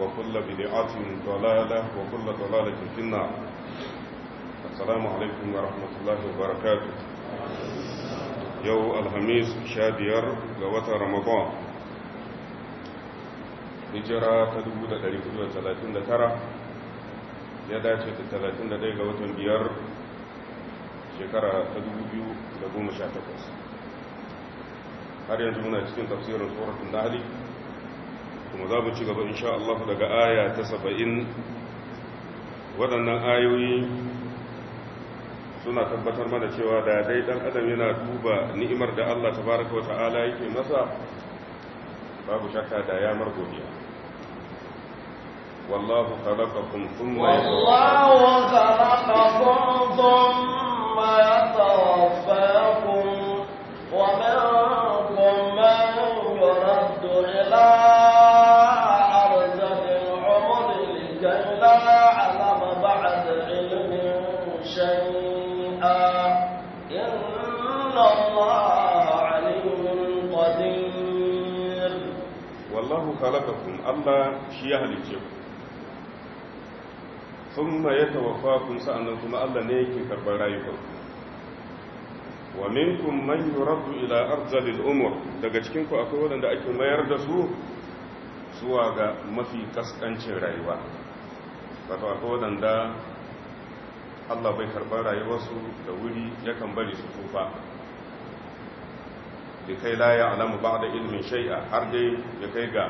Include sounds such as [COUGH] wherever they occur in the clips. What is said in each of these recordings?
وكل بدعة ضلالة وكل ضلالة في النار السلام عليكم ورحمة الله وبركاته يو الخميس شادير قوة رمضان هجرة تدود تاريخ 39 ya dace da 31 ga watan biyar shekara ta 2018 har yanzu muna cikin tafsirin tsoron nahali kuma za mu ci gaba sha Allah daga aya ta saba'in waɗannan ayoyi suna tabbatar mana cewa da dai ɗan adam yana duba ni'imar da Allah ta baraka wa ta'ala yake masa babu shakka da ya margodiya والله خلقكم ثم والله خلقكم ثم يتوفاكم ومنكم من khalaqakum Allah shi ya halice ku thumma yatawaffakum sa'annan kuma Allah ne yake karbar rayuwa. wa minkum man yuraddu ila arzalil umur daga cikin ku akwai wanda ake mayar da su zuwa ga mafi kaskancin rayuwa wato akwai wanda Allah bai rayuwar su da wuri yakan bari su tufa kai la ya alamu ba da ilmin shai'a har dai ya kai ga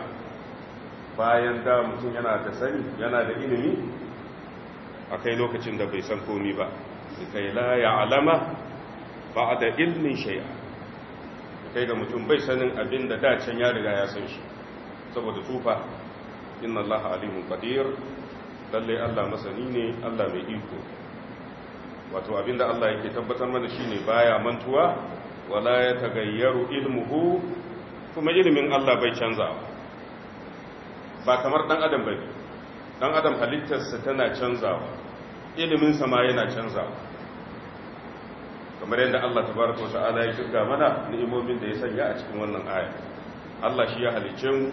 bayan da mutum yana da sani yana da ilimi a kai lokacin da bai san komi ba kai la ya alama ba da ilmin shai'a Da kai ga mutum bai sanin abin da can ya riga ya san shi saboda tufa, inna Allah alimun qadir lalle Allah masani ne Allah mai iko wato abinda Allah yake tabbatar mana shine baya mantuwa wala ya tagayyaru ilmuhu kuma ilimin Allah bai canza ba kamar dan adam bai dan adam halittarsa tana canzawa ilimin sa ma yana canzawa kamar yadda Allah tabaraka wa ta'ala ya shirka mana ni'imomin da ya sanya a cikin wannan aya Allah shi ya halice mu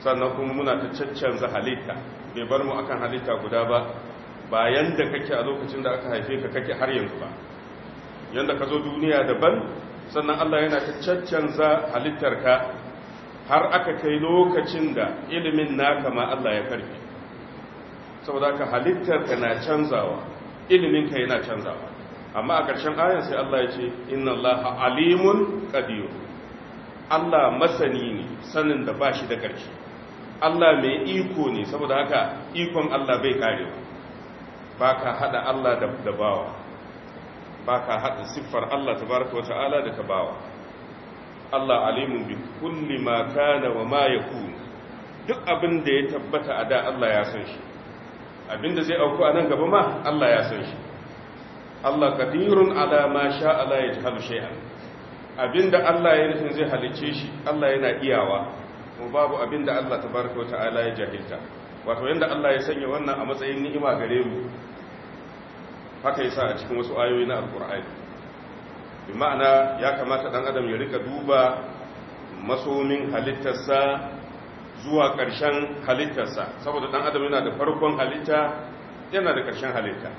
sannan kuma muna ta caccanza halitta bai bar mu akan halitta guda ba bayan da kake a lokacin da aka haife ka kake har yanzu ba yadda ka zo duniya daban sannan Allah yana ta caccanza halittarka har aka kai lokacin da ilimin naka ma Allah ya karfi saboda ka halittarka na canzawa iliminka yana canzawa amma a ƙarshen ayan sai Allah ya ce inna Allah alimun qadir Allah masani ne sanin da ba shi da ƙarshe Allah mai iko ne saboda haka ikon Allah bai karewa ka haɗa Allah da bawa baka haɗa siffar Allah tabaraka wa ta'ala da tabawa Allah alimun bi kulli ma kana wa ma yakun duk abin da ya tabbata a da Allah ya san shi abin da zai auku a nan gaba ma Allah ya san shi Allah kadirun ala ma sha Allah ya jahalu shay'an abin da Allah ya nufin zai halice shi Allah yana iyawa kuma babu abin da Allah tabaraka wa ta'ala ya jahilta wato yanda Allah ya sanya wannan a matsayin ni'ima gare mu haka yasa a cikin wasu ayoyi na alkur'ani bi ma'ana ya kamata dan adam ya rika duba masomin halittarsa zuwa ƙarshen halittarsa saboda dan adam yana da farkon halitta yana da karshen halitta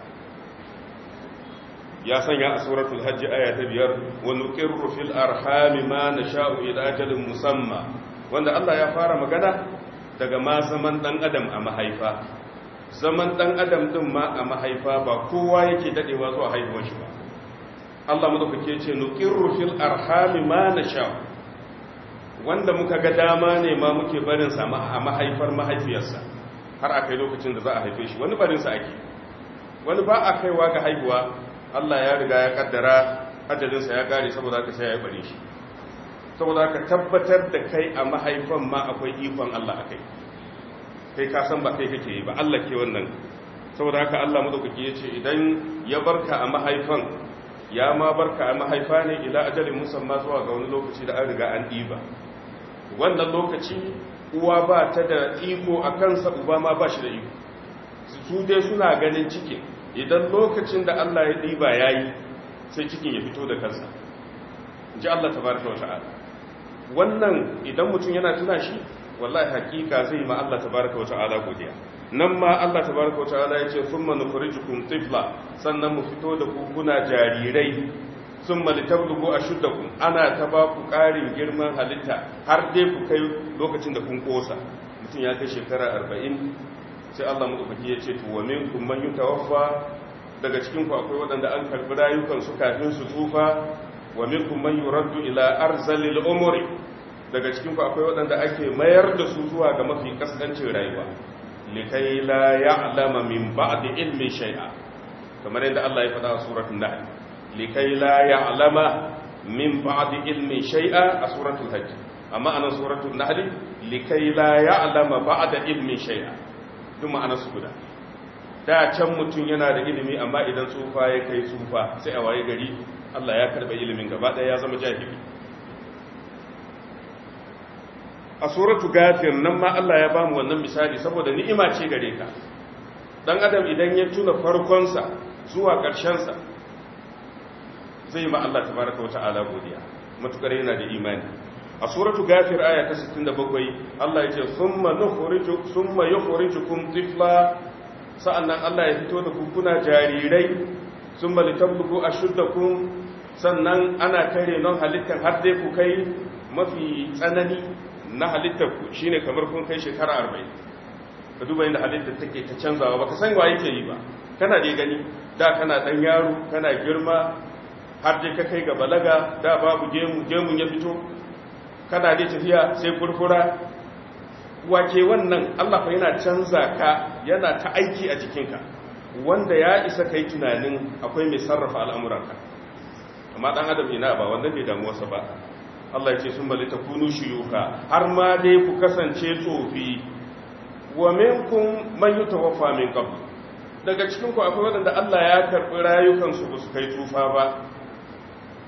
ya sanya a suratul hajji aya ta biyar wa nuqirru fil arhami ma nasha'u ila ajalin musamma wanda Allah ya fara magana daga ma zaman dan adam a mahaifa zaman dan adam din ma a mahaifa ba kowa yake dadewa zuwa haihuwar shi ba Allah ke ce nuqirru fil arhami ma nasha wanda muka ga dama ne ma muke barin sa a mahaifar mahaifiyarsa har akai lokacin da za a haife shi wani barin sa ake wani ba a kaiwa ga haihuwa Allah ya riga ya kaddara ajalin sa ya kare saboda haka sai ya bare shi saboda haka tabbatar da kai a mahaifan ma akwai ikon Allah akai kai ka san ba kai kake yi ba Allah ke wannan saboda haka Allah madaukaki yace idan ya barka a mahaifan ya ma barka a mahaifa ne ila ajalin musamma zuwa ga wani lokaci da an riga an diba wannan lokaci uwa ba ta da iko a kansa uba ma ba shi da iko su dai suna ganin cikin idan lokacin da Allah ya diba yayi sai cikin ya fito da kansa ji Allah tabaraka wa ta'ala wannan idan mutum yana tuna shi wallahi hakika zai ma Allah tabaraka wa ta'ala godiya nan ma Allah tabaraka wa ta'ala ya ce thumma nukhrijukum tifla sannan mu fito da ku kuna jarirai thumma litablughu ashuddakum ana ta ba ku ƙarin girman halitta har dai ku kai lokacin da kun kosa mutum ya kai shekara 40 sai Allah madaukaki ya ce to wa minkum man yutawaffa daga cikin ku akwai wadanda an karbi rayukan su kafin su tsufa wa minkum man yuraddu ila arzalil umri daga cikin ku akwai waɗanda ake mayar da su zuwa ga mafi kaskancin rayuwa likai la ya'lama min ba'di ilmi shay'a kamar yadda Allah ya faɗa a suratul nahl likai la ya'lama min ba'di ilmi shay'a a suratul hajj amma anan suratul nahl likai la ya'lama ba'da ilmi shay'a duk ma'anar su guda da can mutum yana da ilimi amma idan tsufa ya kai tsufa sai a waye gari Allah ya karba ilimin gaba ɗaya ya zama jahili a suratu gafir nan ma Allah ya bamu wannan misali saboda ni'ima ce gare ka dan adam idan ya tuna farkonsa zuwa sa, zai ma Allah tabaraka wata'ala godiya matukar yana da imani a suratu gafir aya ta 67 Allah ya ce summa nukhriju summa yukhrijukum tifla sa'annan Allah ya fito da kukuna jarirai summa litablugu ashuddakum sannan ana kare non halittar har dai ku kai mafi tsanani na halittar ku shine kamar kun kai shekara arba'in ka duba inda halitta take ta canzawa baka san wa yake yi ba kana dai gani da kana dan yaro kana girma har dai ka kai ga balaga da babu gemu gemun ya fito kana da tafiya sai kurkura wake wannan Allah fa yana canza ka yana ta aiki a jikinka wanda ya isa kai tunanin akwai mai sarrafa al'amuranka amma dan adam ina ba wanda bai sa ba Allah ya ce sun balita kunu shuyuka har ma dai ku kasance tsofi wa minkum man yutawaffa min qabl daga cikin ku akwai wanda Allah ya karbi rayukan su su kai tufa ba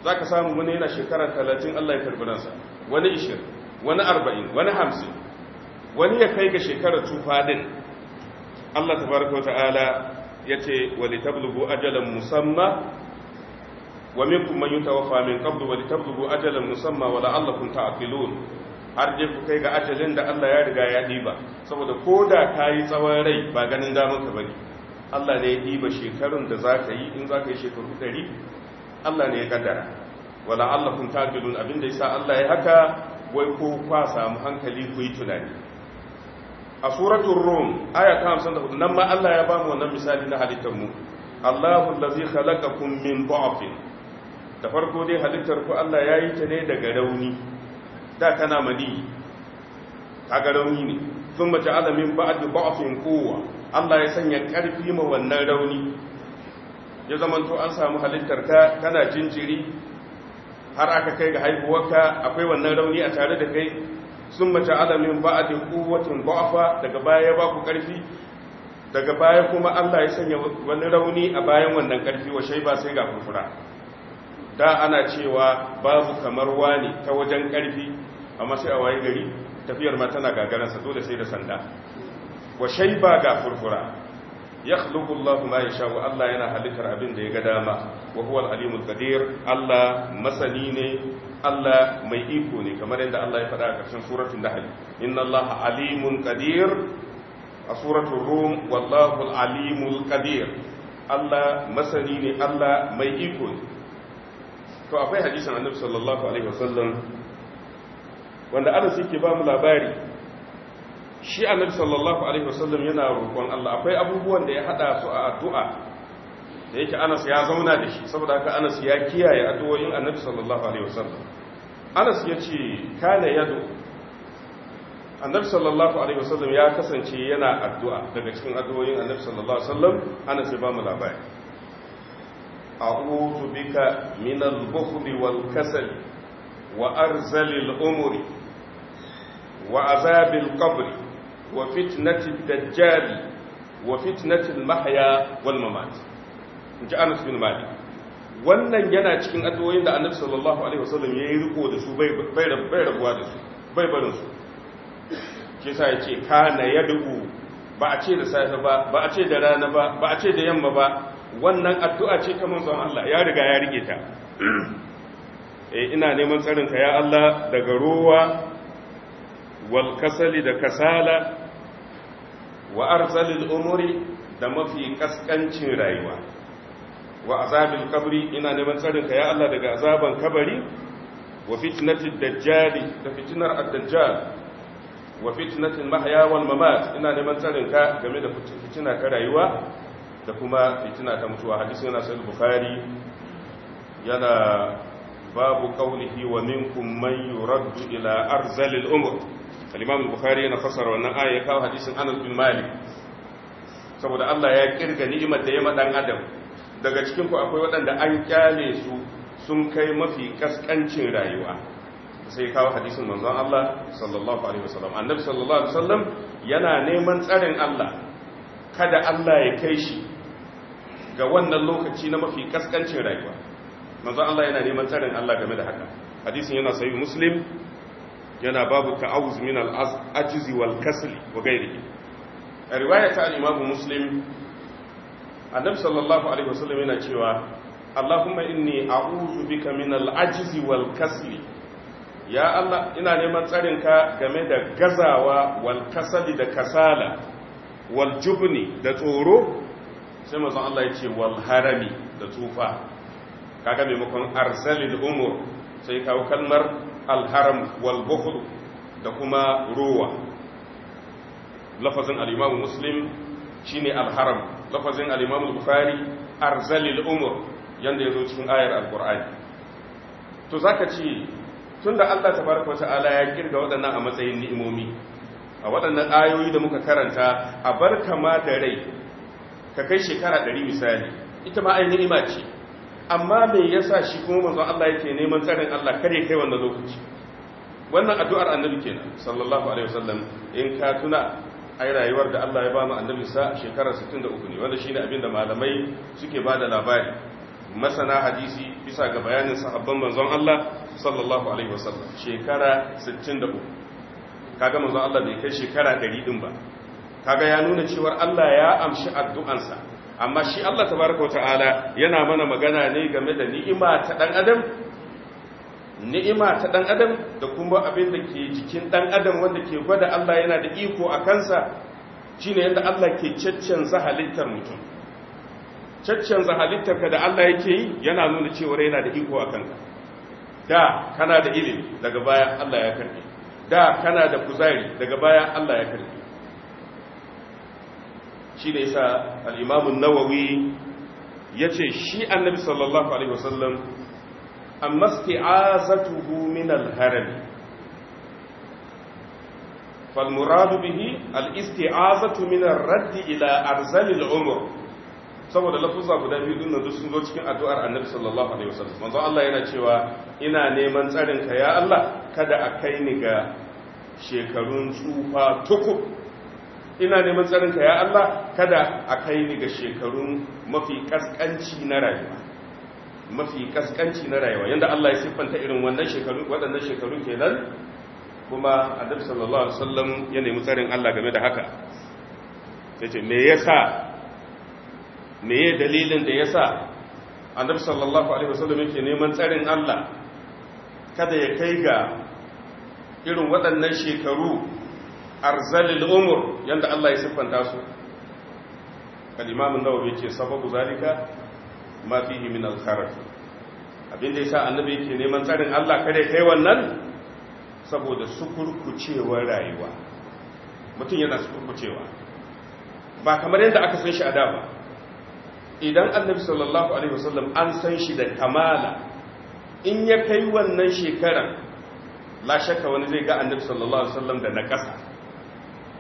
zaka samu wani yana shekara 30 Allah ya karbi ransa wani 20 wani 40 wani 50 wani ya kai ga shekara tufa din Allah tabaraka wa ta'ala yace walitablugu ajalan musamma wa minkum man yutawaffa min qablu wa litabdu ajalan musamma wa la'allakum ta'qilun har dai ku kai ga ajalin da Allah ya riga ya diba saboda koda kai tsawon rai ba ganin damar ka bari. Allah ne ya diba shekarun da zaka yi in zaka yi shekaru 100 Allah ne ya kaddara wa la'allakum ta'qilun abinda yasa Allah ya haka wai ko kwa samu hankali ku yi tunani a suratul rum aya ta 54 nan ma Allah ya ba mu wannan misali na halittar mu Allahu allazi khalaqakum min dha'fin da farko dai halittar ku Allah ya yi ta ne daga rauni da kana madi ga rauni ne sun mace alamin ba'adu ba'afin kowa Allah ya sanya ƙarfi ma wannan rauni ya zamanto an samu halittar ka kana jinjiri har aka kai ga haihuwarka akwai wannan rauni a tare da kai sun mace alamin ba'adu kowacin ba'afa daga baya ya ba ku ƙarfi daga baya kuma Allah ya sanya wani rauni a bayan wannan ƙarfi wa shaiba sai ga furfura da ana cewa babu kamar wani ta wajen karfi amma sai a waye gari tafiyar ma tana gagaransa dole sai da sanda wa ba ga furfura ya khluqu Allahu ma yasha wa Allah yana halittar abin da ya ga dama wa huwa al-alimul qadir Allah masani ne Allah mai iko ne kamar yadda Allah ya faɗa a ƙarshen suratul nahl inna allah alimun qadir a suratul rum wallahu al-alimul qadir Allah masani ne Allah mai iko ne to akwai hadisin annabi sallallahu alaihi wasallam wanda Anas yake ba mu labari shi annabi sallallahu alaihi wasallam yana roƙon Allah akwai abubuwan da ya hada su a addu'a da yake Anas ya zauna da shi saboda haka Anas ya kiyaye addu'o'in annabi sallallahu alaihi wasallam Anas yace kana yadu annabi sallallahu alaihi wasallam ya kasance yana addu'a daga cikin addu'o'in annabi sallallahu alaihi wasallam Anas ya ba mu labari a'udhu bika min al-bukhl wal kasal wa arzal al-umri wa azab al-qabr wa fitnat ad wa fitnat al-mahya wal mamat wannan yana cikin addu'o'in da Annabi sallallahu alaihi wasallam yayi riko da su bai bai rabuwa da su bai barin su shi ya kana ba a ce da safe ba ba a ce da rana ba ba a ce da yamma ba wannan addu'a ce ta manzon Allah ya riga ya rike ta [CLEARS THROAT] eh ina neman tsarinka ya Allah daga ruwa wal kasali da kasala wa arzalin umuri da mafi kaskancin rayuwa wa azabin kabri ina neman tsarinka ya Allah daga azaban kabari wa fitnatin dajjali da fitnar addajjal wa fitnatin mahya wal mamat ina neman tsarinka game da fitina ta rayuwa da kuma fitina ta mutuwa hadisi yana sai bukhari yana babu qawlihi wa minkum man yuraddu ila arzalil umur al-imam bukhari yana fassara wannan aya kawo hadisin Anas bin Malik saboda Allah ya kirga ni'imar da ya madan adam daga cikin ku akwai wadanda an kyale su sun kai mafi kaskancin rayuwa sai kawo hadisin manzon Allah sallallahu alaihi wasallam annabi sallallahu alaihi wasallam yana neman tsarin Allah kada Allah ya kai shi ga wannan lokaci na mafi kaskancin rayuwa manzo Allah yana neman tsarin Allah game da haka hadisin yana sahih muslim yana babu ta'awuz min al-ajzi wal kasli wa ghairihi riwaya ta al-imam muslim annabi sallallahu alaihi wasallam yana cewa Allahumma inni a'udhu bika min al-ajzi wal kasli ya Allah ina neman tsarin ka game da gazawa wal kasali da kasala wal jubni da tsoro sai mazan Allah ya ce wal harami da tufa kaga maimakon arsalil umur sai kawo kalmar alharam wal bukhl da kuma ruwa lafazin al-imamu muslim shine alharam lafazin al-imamu bukhari arzalil umur yanda yazo cikin ayar al to zaka ce tunda Allah tabaraka ta'ala ya kirga waɗannan a matsayin ni'imomi a waɗannan ayoyi da muka karanta a barka ma da rai ka kai shekara ɗari misali ita ma ainihin ima ce amma me yasa shi kuma manzon Allah yake neman tsarin Allah kare kai wannan lokaci wannan addu'ar annabi kenan sallallahu alaihi wasallam in ka tuna ai rayuwar da Allah ya ba mu annabi sa shekara 63 ne wanda shine abin da malamai suke ba da labari masana hadisi bisa ga bayanin sahabban manzon Allah sallallahu alaihi wasallam shekara 63 kaga manzon Allah bai kai shekara 100 din ba kaga ya nuna cewar Allah ya amshi addu'ansa amma shi Allah tabaraka ta'ala yana mana magana ne game da ni'ima ta dan adam ni'ima ta dan adam da kuma abin da ke jikin dan adam wanda ke gwada Allah yana da iko a kansa shine yadda Allah ke caccanza halittar mutum caccanza ka da Allah yake yi yana nuna cewa yana da iko a kanka da kana da ilimi daga baya Allah ya karbe da kana da kuzari daga baya Allah ya karbe shi ne yasa al nawawi ya ce shi annabi sallallahu alaihi wasallam amma isti'azatuhu min al-haram bihi al-isti'azatu min raddi ila arzal al-umr saboda lafuzza guda biyu din nan sun zo cikin addu'ar annabi sallallahu alaihi wasallam manzo Allah yana cewa ina neman tsarin ka ya Allah kada a kai ni ga shekarun tsufa tukub ina neman tsarinka ya Allah kada a kai ni ga shekarun mafi kaskanci na rayuwa mafi kaskanci na rayuwa yanda Allah ya siffanta irin wannan shekaru waɗannan shekaru kenan kuma annabi sallallahu alaihi wasallam ya nemi tsarin Allah game da haka yace me yasa me ye dalilin da yasa annabi sallallahu alaihi wasallam yake neman tsarin Allah kada ya kai ga irin waɗannan shekaru arzalil umur yanda Allah ya siffanta su al-imam an-nawawi yace sababu zalika ma fihi min al-kharaj abin da yasa annabi yake neman tsarin Allah kare kai wannan saboda sukurkucewar rayuwa mutum yana sukurkucewa ba kamar yadda aka san shi a da ba idan annabi sallallahu alaihi wasallam an san shi da kamala in ya kai wannan shekarar la shakka wani zai ga annabi sallallahu alaihi wasallam da na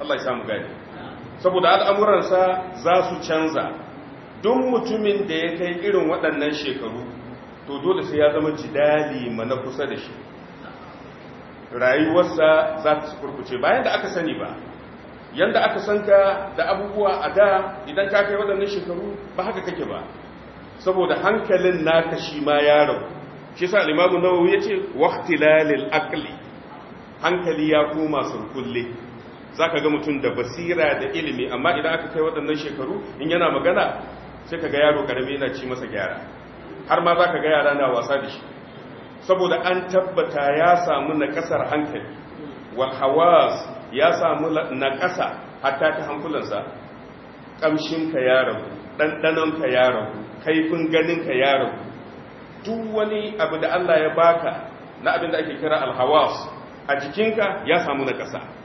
Allah ya samu gani saboda al'amuransa za su canza don mutumin da ya kai irin waɗannan shekaru to dole sai ya zama jidali mana kusa da shi rayuwarsa za ta kurkuce bayan da aka sani ba yadda aka san da abubuwa a da idan ka kai waɗannan shekaru ba haka kake ba saboda hankalin naka shi ma ya rabu shi sa nawa ya ce yace waqtilalil akli hankali ya koma kulle za ka ga mutum da basira da ilimi amma idan aka kai waɗannan shekaru in yana magana sai ka ga yaro ƙarami yana ci masa gyara har ma za ka ga yara na wasa da shi saboda an tabbata ya samu na ƙasar hankali wa hawas ya samu na ƙasa hatta ta hankulansa ƙamshinka ya rabu ɗanɗanonka ya rabu kaifin ganinka ya rabu duk wani abu da Allah ya baka na abin da ake kira alhawas a jikinka ya samu na ƙasa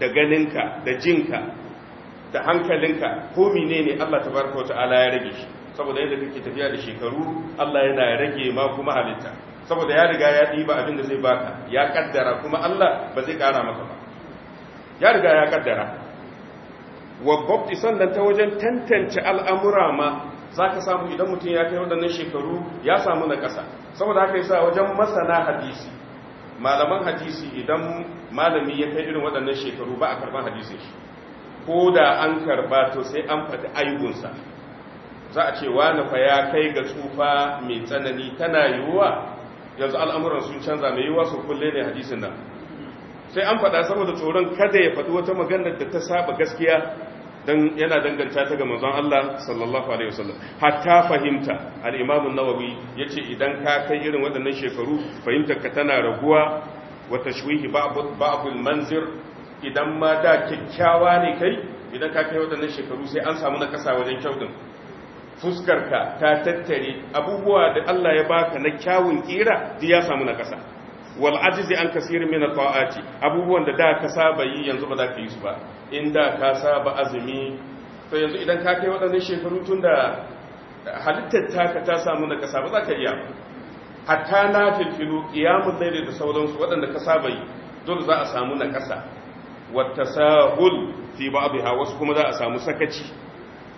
da ganinka da jinka da hankalinka ko menene Allah tabaraka wa ta'ala ya rage shi saboda yadda kake tafiya da shekaru Allah yana rage ma kuma halitta saboda ya riga ya ɗiba abin da zai baka ya kaddara kuma Allah ba zai ƙara maka ba ya riga ya kaddara wa bakti sannan ta wajen tantance al'amura ma za ka samu idan mutum ya kai waɗannan shekaru ya samu na ƙasa saboda haka yasa wajen masana hadisi malaman hadisi idan malami ya kai irin waɗannan shekaru ba a karban hadisi shi ko da an karɓa to sai an faɗi aibunsa za a ce wani fa ya kai ga tsufa mai tsanani tana yiwuwa yanzu al'amuran sun canza mai yiwuwa su kulle ne hadisin nan sai an faɗa saboda tsoron kada ya faɗi wata maganar da ta saba gaskiya dan yana danganta ta ga manzon Allah sallallahu alaihi wasallam hatta fahimta al-Imam an-Nawawi yace idan ka kai irin waɗannan shekaru fahimtar ka tana raguwa wa tashwihi ba'd al-manzir idan ma da kikkiawa ne kai idan ka kai waɗannan shekaru sai an samu na nakasa wajen kyau fuskar fuskarka ta tattare abubuwa da Allah ya baka na kyawun kira duk ya samu na nakasa wal ajizi an kasir min ta'ati abubuwan da da ka saba yi yanzu ba za ka yi su ba in da ka saba azumi to yanzu idan ka kai waɗannan shekaru tun da halittar taka ta samu na kasa ba za ka iya hatta na filfilu kiyamun laili da sauransu waɗanda ka saba yi dole za a samu na kasa wata sahul fi ba'dha wasu kuma za a samu sakaci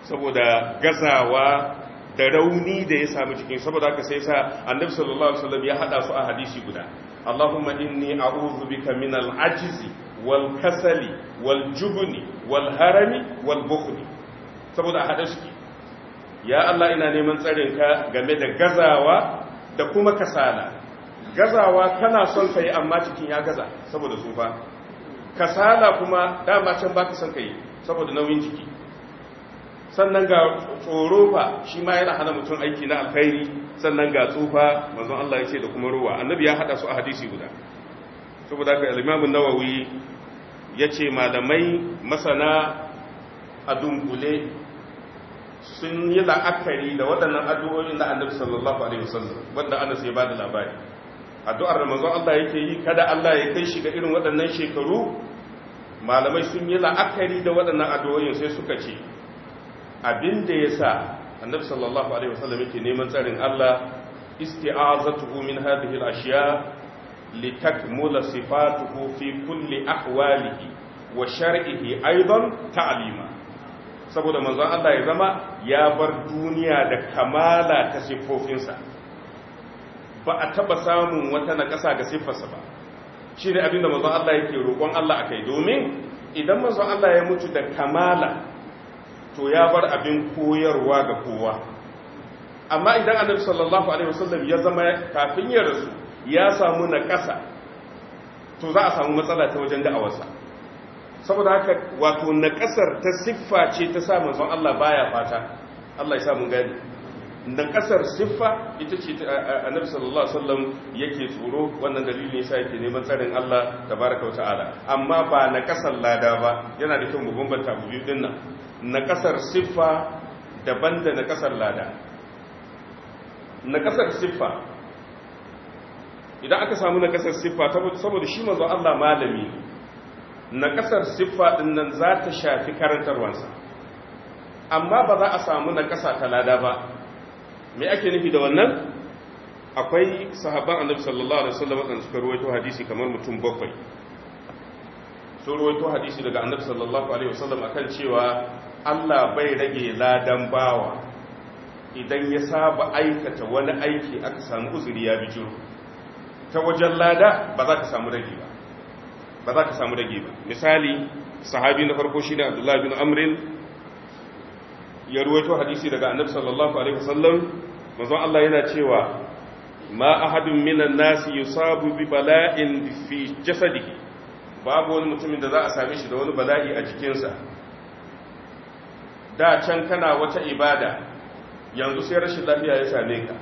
saboda gazawa da rauni da ya samu cikin saboda haka sai sa annabi sallallahu alaihi wasallam ya hada su a hadisi guda اللهم إني أعوذ بك من العجز والكسل والجبن والهرم والبخل saboda a haɗa suke ya Allah ina neman tsarinka game da gazawa da kuma kasala gazawa kana son ka yi amma cikin ya gaza saboda tsufa kasala kuma dama can ba ka son ka yi saboda nauyin jiki sannan ga tsoro fa shi ma yana hana mutum aiki na alkhairi sannan ga tsufa manzon Allah ya ce da kuma ruwa annabi ya hada su a hadisi guda saboda haka al-Imam an-Nawawi yace malamai masana a dunkule sun yi la'akari da waɗannan addu'o'in da annabi sallallahu alaihi wasallam wanda Anas ya bada labari addu'ar da manzon Allah yake yi kada Allah ya kai shi ga irin waɗannan shekaru malamai sun yi la'akari da waɗannan addu'o'in sai suka ce abin da ya sa annabi sallallahu alaihi wasallam yake neman tsarin Allah isti'azatuhu min hadhihi al-ashya litakmula sifatuhu fi kulli ahwalihi wa shar'ihi aidan ta'lima saboda manzon Allah ya zama ya bar duniya da kamala ta siffofinsa ba a taba samun wata naƙasa ga siffarsa ba shi ne abinda manzon Allah yake roƙon Allah akai domin idan manzon Allah ya mutu da kamala to ya bar abin koyarwa ga kowa amma idan annabi sallallahu alaihi wasallam ya zama kafin ya rasu ya samu na ƙasa to za a samu matsala ta wajen da'awarsa saboda haka wato na ƙasar ta siffa ce ta sa manzon Allah baya fata Allah ya sa mun gani na ƙasar siffa ita ce annabi sallallahu alaihi wasallam yake tsoro wannan dalilin yasa yake neman tsarin Allah tabaraka ta'ala amma ba na ƙasar lada ba yana da kyau mu bambanta mu biyu dinnan na kasar siffa daban da na kasar lada na kasar siffa idan aka samu na kasar siffa saboda shi manzo Allah malami na kasar siffa din nan za ta shafi karantarwansa amma ba za a samu na kasa ta lada ba me ake nufi da wannan akwai sahabban annabi sallallahu alaihi wasallam suka ruwaito hadisi kamar mutum bakwai sun ruwaito hadisi daga annabi sallallahu alaihi wasallam akan cewa Allah bai rage ladan bawa idan ya saba aikata wani aiki aka samu uzuri ya jiru ta wajen lada ba za ka samu rage ba ba za ka samu rage ba misali sahabi na farko shi ne abdullahi bin amrin ya ruwaito hadisi daga annabi sallallahu alaihi wasallam manzon Allah yana cewa ma ahadun minan nasi yusabu bi bala'in fi jasadihi babu wani mutumin da za a same shi da wani bala'i a jikinsa da can kana wata ibada yanzu sai rashin lafiya ya same ka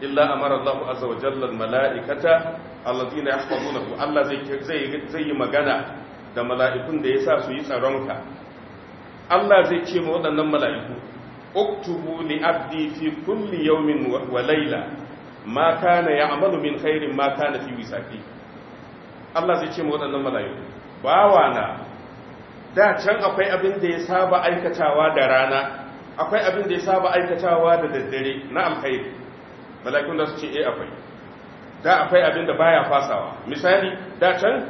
illa amara Allah azza wa jalla mala'ikata Allah zai zai zai yi magana da mala'ikun da yasa su yi tsaron ka Allah zai ce ma waɗannan mala'iku uktubu li abdi fi kulli yawmin wa layla ma kana ya'malu min khairin ma kana fi wisaqi Allah zai ce ma waɗannan mala'iku bawa na da can akwai abin da ya saba aikatawa da rana akwai abin da ya saba aikatawa da daddare na alkhairi malakun da su ce eh akwai da akwai abin da baya fasawa misali da can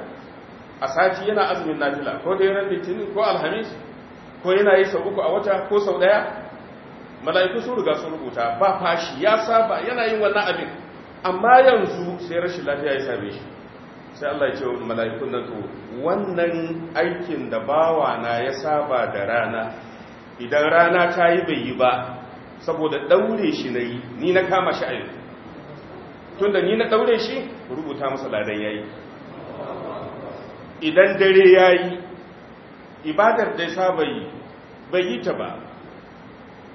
a sati yana azumin nafila ko da yaran litinin ko alhamis ko yana yi sau uku a wata ko sau ɗaya, mala'iku sun riga sun rubuta ba fashi ya saba yana yin wannan abin amma yanzu sai rashin lafiya ya same shi sai Allah ya ce wa mala'ikun nan to wannan aikin da bawa na ya saba da rana idan rana ta yi bai yi ba saboda daure shi na yi ni na kama shi a yau tun da ni na daure shi rubuta masa ladan ya yi idan dare ya yi ibadar da ya saba yi bai yi ta ba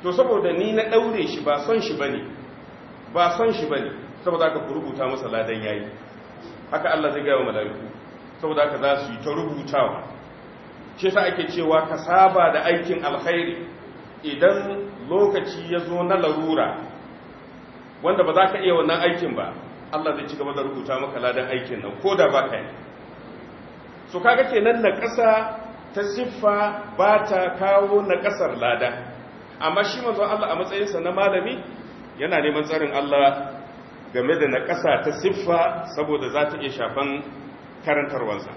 to saboda ni na daure shi ba son shi ba ne ba son shi ba ne saboda ka rubuta masa ladan ya yi haka Allah zai gaya wa mala'iku saboda haka za su yi ta rubutawa shi sa ake cewa ka saba da aikin alkhairi idan lokaci ya zo na larura wanda ba za ka iya wannan aikin ba Allah zai ci gaba da rubuta maka ladan aikin nan ko da ba ka yi so kaga kenan na ƙasa ta siffa ba ta kawo na ƙasar lada amma shi manzon Allah a matsayinsa na malami yana neman tsarin Allah game da naƙasa ta siffa saboda za ta iya shafan karantarwarsa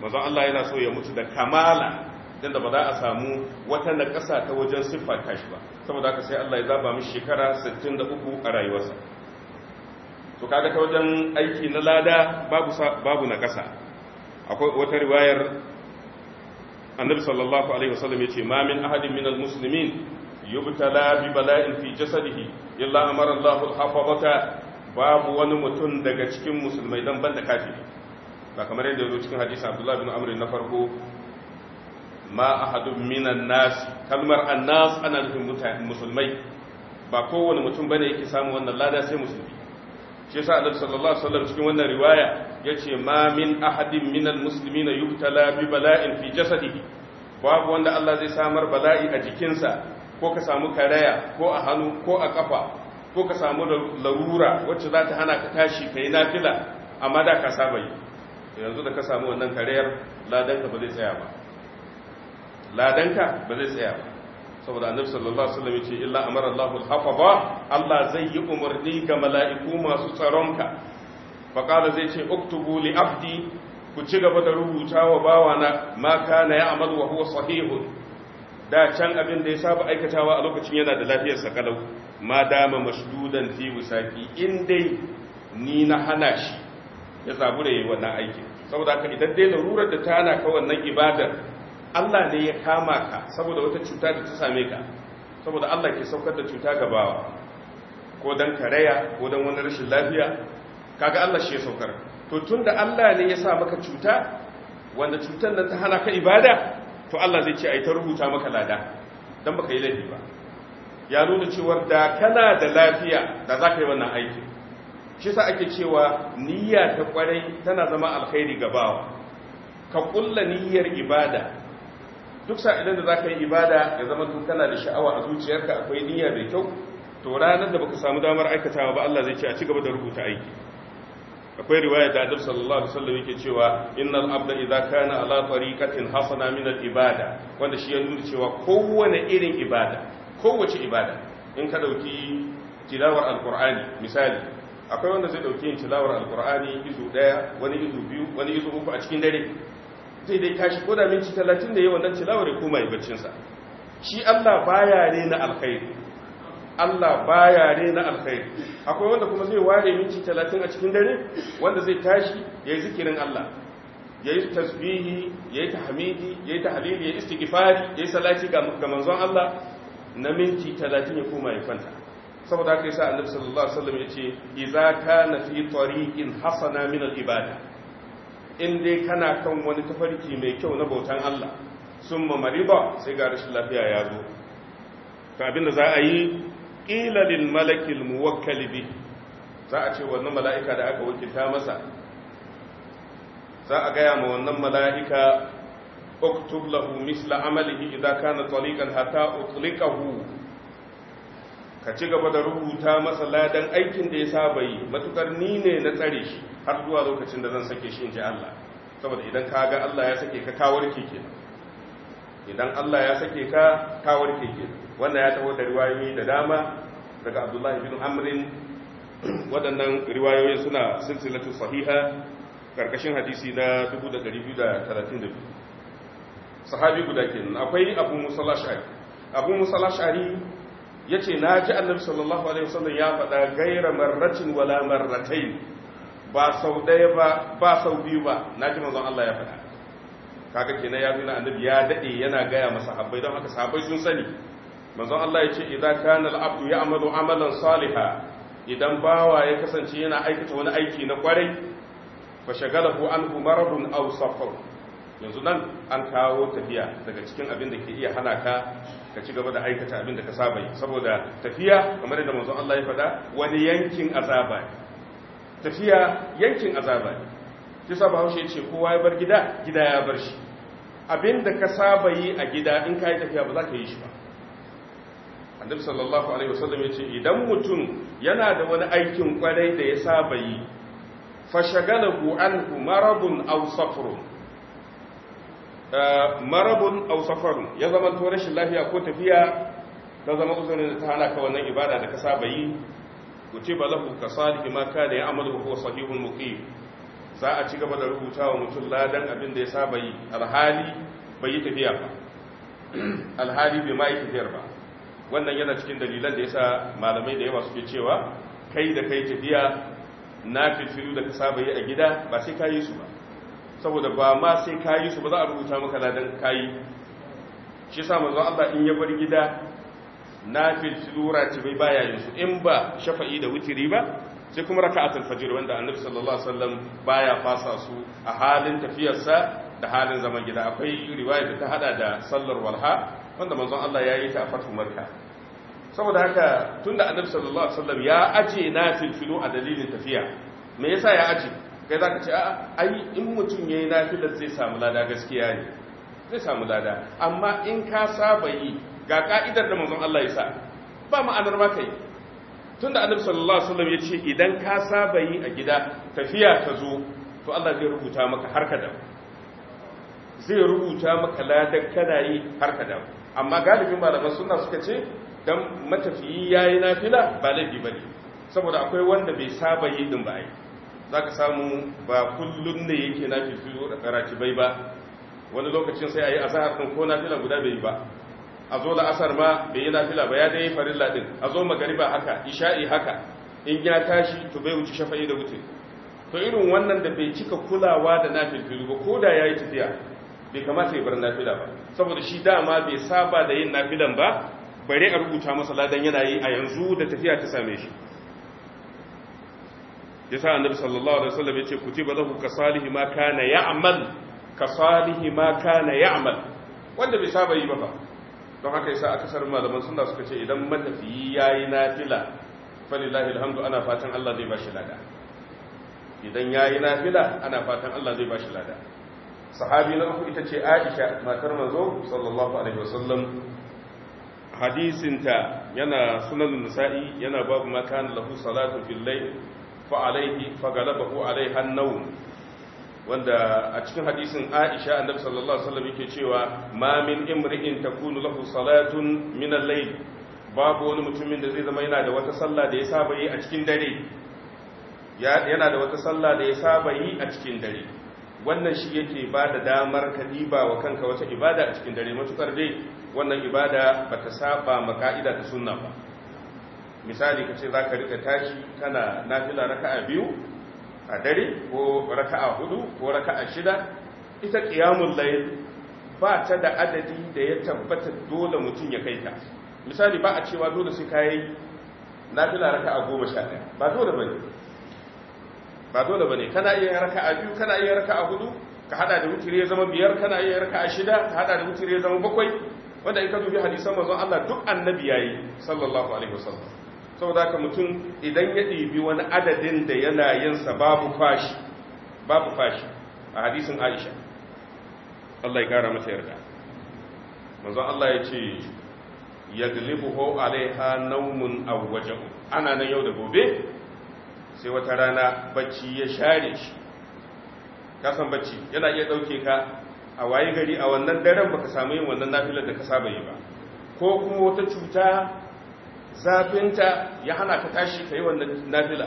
mazan Allah yana so ya mutu da kamala inda da ba za a samu wata naƙasa ta wajen siffa tashi ba saboda haka sai Allah ya zaba mishi shekara 63 a rayuwarsa to kaga ta wajen aiki na lada babu na naƙasa akwai wata riwayar annabi sallallahu alaihi wasallam yace ma min ahadin minal muslimin yubtala bi bala'in fi jasadihi illa amara Allahu al-hafazata babu wani mutum daga cikin musulmai don banda kafiri ba kamar yadda zo cikin hadisi abdullahi bin amri na farko ma ahadun minan nas kalmar annas ana nufin musulmai ba kowane mutum bane yake samu wannan lada sai musulmi shi yasa annabi sallallahu alaihi wasallam cikin wannan riwaya yace ma min ahadin minal muslimina yubtala bi bala'in fi jasadihi babu wanda Allah zai samar bala'i a jikinsa ko ka samu karaya ko a hannu ko a kafa ko ka samu larura wacce za ta hana ka tashi ka yi nafila amma da ka saba yi yanzu da ka samu wannan kariyar ladanka ba zai tsaya ba ladanka ba zai tsaya ba saboda annabi sallallahu alaihi wasallam yace illa amara Allahu al-hafaza Allah zai yi umarni ga mala'iku masu tsaronka fa qala zai ce uktubu li abdi ku ci gaba da rubuta wa bawana ma kana ya'malu wa huwa sahihun da can abin da ya saba aikatawa a lokacin yana da lafiyar sakalau ma dama mashdudan fi wusafi in dai ni na hana shi ya samu da yi wannan aikin saboda haka idan dai larurar da ta hana ka wannan ibadar Allah ne ya kama ka saboda wata cuta da ta same ka saboda Allah ke saukar da cuta ga bawa ko dan karaya ko dan wani rashin lafiya kaga Allah shi ya saukar to tunda Allah ne ya sa maka cuta wanda cutar nan ta hana ka ibada to Allah zai ce ai ta rubuta maka lada dan baka yi laifi ba ya nuna cewa da kana da lafiya da za ka yi wannan aiki shi sa ake cewa niyya ta kwarai tana zama alkhairi ga bawa ka kulla niyyar ibada duk idan da za ka yi ibada ya zama tun kana da sha'awa a zuciyarka akwai niyya mai kyau to ranar da baka samu damar aikatawa ba Allah zai ce a cigaba da rubuta aiki akwai riwaya da Annabi sallallahu alaihi wasallam yake cewa innal abda idza kana ala tariqatin hasana min al ibada wanda shi ya nuna cewa kowane irin ibada kowace ibada in ka dauki tilawar alkur'ani misali akwai wanda zai dauki yin tilawar alkur'ani izu daya wani izu biyu wani izu uku a cikin dare zai dai tashi ko da minti talatin da yi wannan tilawar ya koma sa shi Allah baya ne na alkhairi Allah baya ne na alkhairi akwai wanda kuma zai ware minti talatin a cikin dare wanda zai tashi ya yi zikirin Allah ya yi tasbihi ya yi tahmidi ya yi tahlili ya yi istighfari ya yi salati ga manzon Allah na minti talatin ya koma ya kwanta saboda haka yasa annabi sallallahu alaihi wasallam yace idza kana fi tariqin hasana min al-ibada in dai kana kan wani tafarki mai kyau na bautan Allah summa mariba sai ga rashin lafiya ya zo to abinda za a yi qila lil malakil muwakkal bi za a ce wannan mala'ika da aka wakilta masa za a gaya ma wannan mala'ika اكتب له مثل عمله اذا كان طليقا حتى اطلقه ka ci gaba da rubuta masa ladan aikin da ya saba yi matukar ni ne na tsare shi har zuwa lokacin da zan sake shi in ji Allah saboda idan ka ga Allah ya sake ka kawar keke idan Allah ya sake ka kawar keke wannan ya taho da riwayoyi da dama daga Abdullahi bin Amrin waɗannan riwayoyin suna silsilatu sahiha karkashin hadisi na 2232 sahabi guda kenan akwai abu musa lashari abu musa lashari ya ce na ji annabi sallallahu alaihi wasallam ya faɗa gaira marratin wala marratai ba sau ɗaya ba ba sau biyu ba na ji manzon Allah ya faɗa kaga kenan ya nuna annabi ya daɗe yana gaya masa habbai don haka sahabbai sun sani manzon Allah ya ce idan kana al ya ya'malu amalan salihan idan bawa ya kasance yana aikata wani aiki na kwarai fa shagalahu anhu maradun aw safahu yanzu nan an kawo tafiya daga cikin abin da ke iya hana ka ka ci gaba da aikata abin da ka saba yi saboda tafiya kamar da manzon Allah ya faɗa wani yankin azaba tafiya yankin azaba ne shi saba bahaushe ce kowa ya bar gida gida ya bar shi abin da ka saba yi a gida in ka yi tafiya ba za ka yi shi ba annabi sallallahu alaihi wasallam ya ce idan mutum yana da wani aikin kwarai da ya saba yi fashagalahu anhu maradun aw safrun Eh, marabun aw safarun ya zama to rashin lafiya ko tafiya ta zama uzurin da ta hana ka wannan ibada da ka saba yi ba lahu ka salihi ma ya ya'malu ko sahihun muqim za a ci gaba da rubuta wa mutum ladan abin da ya saba yi alhali bai yi tafiya ba [CLEARS THROAT] alhali bai ma yi tafiyar ba wannan yana cikin dalilan da ya sa malamai da yawa suke cewa kai da kai tafiya na fitilu da ka saba yi a gida ba sai ka yi su ba saboda ba ma sai kayi su ba za a rubuta maka ladan kayi shi sa manzo Allah in ya bar gida na sura ce bai baya yin su in ba shafa'i da witiri ba sai kuma raka'atul fajr wanda annabi sallallahu alaihi wasallam baya fasa su a halin tafiyarsa da halin zaman gida akwai riwaya da ta hada da sallar walha wanda manzon Allah ya yi ta a fatu marka saboda haka tunda annabi sallallahu alaihi wasallam ya aje na filu a dalilin tafiya me yasa ya aje kai za ka ce a ai in mutum ya yi nafilar zai samu lada gaskiya ne zai samu lada amma in ka saba yi ga ka'idar da manzon Allah ya sa ba ma'anar ma kai tunda annabi sallallahu alaihi wasallam ya ce idan ka saba yi a gida tafiya ka zo to Allah zai rubuta maka har ka dawo zai rubuta maka ladan kana yi har ka dawo amma galibin malaman suna suka ce dan matafiyi yayi nafila ba laifi bane saboda akwai wanda bai saba yi din ba yi. za ka samu ba kullum ne yake na karaci bai ba wani lokacin sai a yi azahar ɗin ko fila guda bai yi ba a zo da asar ma bai yi nafila ba ya dai farin ladin. a zo magariba haka isha'i haka in ya tashi to bai wuce shafa'i da wuce to irin wannan da bai cika kulawa da nafilfilu ba ko da ya yi tafiya bai kamata ya bar nafila ba saboda shi dama bai saba da yin nafilan ba bare a rubuta masa ladan yana yi a yanzu da tafiya ta same shi yasa annabi sallallahu alaihi wasallam yace kutiba lahu kasalihi ma kana ya'mal salihi ma kana ya'mal wanda bai saba yi ba fa don haka yasa akasar malaman sunna suka ce idan matafiyi yayi nafila falillahi alhamdu ana fatan Allah zai bashi lada idan yayi nafila ana fatan Allah zai bashi lada sahabi na uku ita ce Aisha matar manzo sallallahu alaihi wasallam hadisinta yana sunan nisa'i yana babu ma kana lahu salatu fil layl فعليه فغلبه عليها النوم wanda a cikin hadisin Aisha annabi sallallahu alaihi wasallam yake cewa ma min imri'in takunu lahu salatun min al-layl babu wani mutumin da zai zama yana da wata sallah da ya saba yi a cikin dare yana da wata sallah da ya saba yi a cikin dare wannan shi yake ba da damar ka diba wa kanka wata ibada a cikin dare matukar dai wannan ibada bata saba ma ka'ida ta sunna ba misali ka ce za ka rika tashi kana nafila raka'a biyu a dare ko raka'a hudu ko raka'a shida ita ƙiyamun layin ba ta da adadi da ya tabbata dole mutum ya kai ta misali ba a cewa dole sai ka yi nafila raka'a goma sha ɗaya ba dole ba ne ba dole ba ne kana iya raka'a biyu kana iya raka'a hudu ka hada da wutiri ya zama biyar kana iya raka'a shida ka hada da wutiri ya zama bakwai wanda in ka dubi hadisan manzon Allah duk annabi yayi sallallahu alaihi wasallam saboda ka mutum idan ya ɗibi wani adadin da yana yinsa babu fashi babu fashi a hadisin aisha Allah ya gara mata yarda manzon Allah ya ce yaglibuhu alaiha naumun aw waja'u ana nan yau da gobe sai wata rana bacci ya share shi kasan bacci yana iya ɗauke ka a waye gari a wannan daren baka samu yin wannan nafilar da ka saba yi ba ko kuma wata cuta zafinta ya hana ka tashi ka yi wannan nafila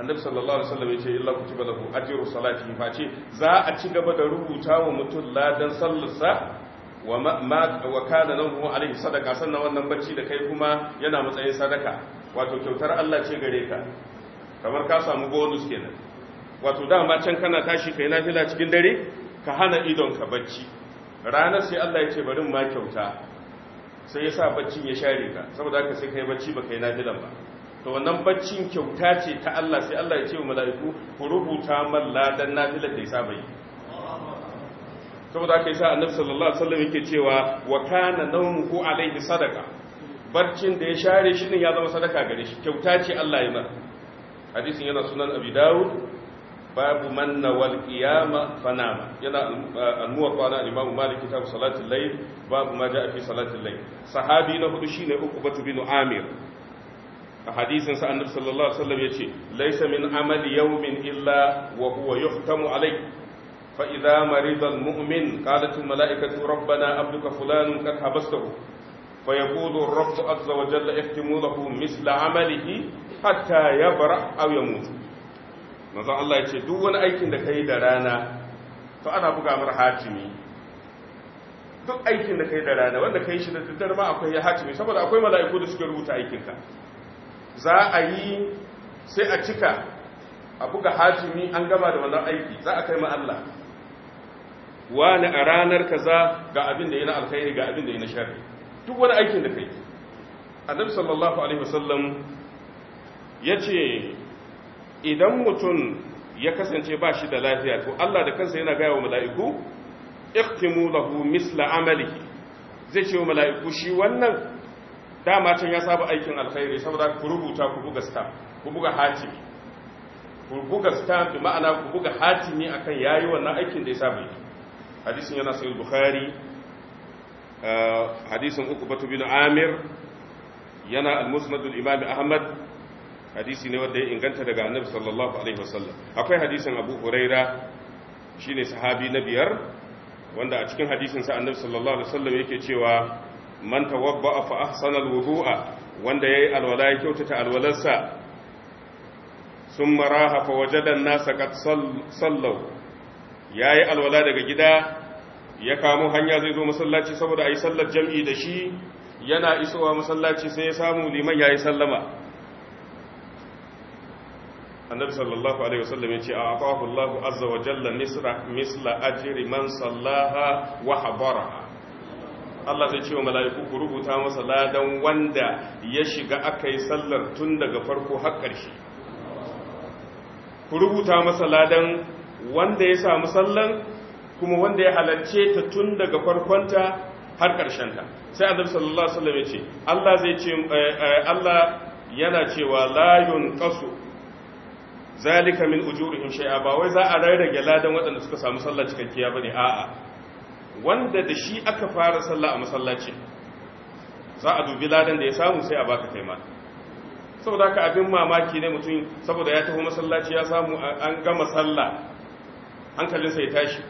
annabi sallallahu alaihi wasallam yace illa kutiba lahu ajru salati fa ce za a ci gaba da rubuta wa mutum ladan sallarsa wa ma wa kana lahu alaihi sadaka sannan wannan bacci da kai kuma yana matsayin sadaka wato kyautar Allah ce gare ka kamar ka samu bonus kenan wato da ma can kana tashi kai nafila cikin dare ka hana idon ka bacci ranar sai Allah ya ce bari ma kyauta sai ya sa baccin ya share ka saboda haka sai kai bacci ba kai nafilan ba to wannan baccin kyauta ce ta Allah sai Allah ya ce wa mala'iku ku rubuta man ladan nafilan da ya saba yi saboda haka yasa annabi sallallahu alaihi wasallam yake cewa wa kana nawmuhu alaihi sadaka baccin da ya share shi din ya zama sadaka gare shi kyauta ce Allah ya mara hadisin yana sunan abi dawud babu manna wal qiyama fanama yana uh, al-muwatta na imamu malik kitab salatul layl babu ma jaa fi salatul layl sahabi na hudu shine uku batu bin amir a hadisin sa annabi sallallahu alaihi wasallam yace laysa min amali yawmin illa wa huwa yuhtamu alayhi fa idha marida al-mu'min qalat al-mala'ikatu rabbana abduka fulanun qad habastahu فيقول الرب عز وجل اختموا له مثل عمله حتى يبرأ أو يموت manzon Allah ya ce duk wani aikin da ka yi da rana to ana buga mar hatimi duk aikin da ka yi da rana wanda ka yi shi da daddare ma akwai ya hatimi saboda akwai mala'iku da suke rubuta aikinka za a yi sai a cika a buga hatimi an gama da wannan aiki za a kai ma Allah wani a ranar kaza ga abin da yana alkhairi ga abin da yana sharri duk wani aikin da kai annabi sallallahu alaihi wasallam yace idan mutum ya kasance ba shi da lafiya to Allah da kansa yana gaya wa mala'iku ikhtimu lahu misla amali zai ce wa mala'iku shi wannan dama can ya saba aikin alkhairi saboda ku rubuta ku buga sta ku buga hatimi ku buga sta bi ma'ana ku buga hatimi akan yayi wannan aikin da ya saba yi hadisin yana sahih bukhari eh, hadisin uku batu bin amir yana al musnadul ahmad hadisi ne wanda ya inganta daga annabi sallallahu alaihi wasallam akwai hadisin abu huraira shine sahabi na biyar wanda a cikin hadisin sa annabi sallallahu alaihi wasallam yake cewa man tawabba fa ahsana alwudu'a wanda yayi alwala ya kyautata alwalarsa summa raha fa wajada an-nasa qad sallaw yayi alwala daga gida ya kamo hanya zai zo masallaci saboda ayi sallar jam'i da shi yana isowa masallaci sai ya samu liman yayi sallama annabi sallallahu alaihi wasallam yace a atahu Allahu azza wa jalla nisra misla ajri man sallaha wa habaraha Allah zai ce wa mala'iku ku rubuta masa ladan wanda ya shiga aka yi sallar tun daga farko har ƙarshe ku rubuta masa ladan wanda ya samu sallan kuma wanda ya halarce ta tun daga farkonta har ta. sai annabi sallallahu alaihi wasallam ya ce Allah zai ce eh, eh, Allah yana cewa la yunqasu zalika min ujurihim shay'a ba wai za a rarrage ladan waɗanda suka samu sallah cikakkiya bane a'a wanda da shi aka fara sallah a masallaci za a dubi ladan da ya samu sai a baka kai ma saboda haka abin mamaki ne mutum saboda ya taho masallaci ya samu an gama sallah hankalinsa ya tashi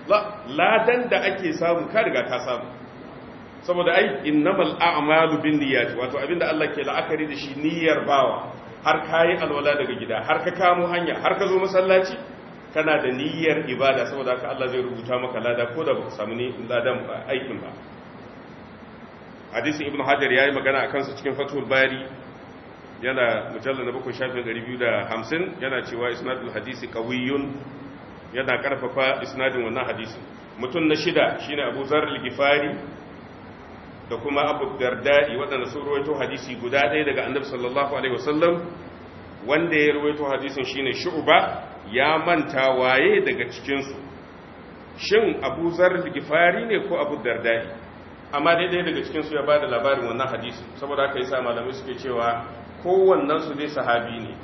ladan da ake samu ka riga ka samu saboda ai innamal a'malu binniyat wato abinda Allah ke la'akari da shi niyyar bawa har ka yi alwala daga gida har ka kamo hanya har ka zo masallaci kana da niyyar ibada saboda haka Allah zai rubuta maka lada ko da baka samu ni ladan ba aikin ba hadisin ibnu hajar yayi magana akan sa cikin fathul bari yana mujallal na bakwai shafin 250 yana cewa isnadul hadisi qawiyyun yana karfafa isnadin wannan hadisi mutum na shida shine Abu Zar al da kuma abu darda'i waɗanda sun ruwaito hadisi guda ɗaya daga annabi sallallahu alaihi wasallam wanda ya ruwaito hadisin shine shu'ba ya manta waye daga cikin su shin abu zar gifari ne ko abu darda'i amma dai ɗaya daga cikin su ya bada labarin wannan hadisi saboda haka yasa malamai suke cewa kowannen su dai sahabi ne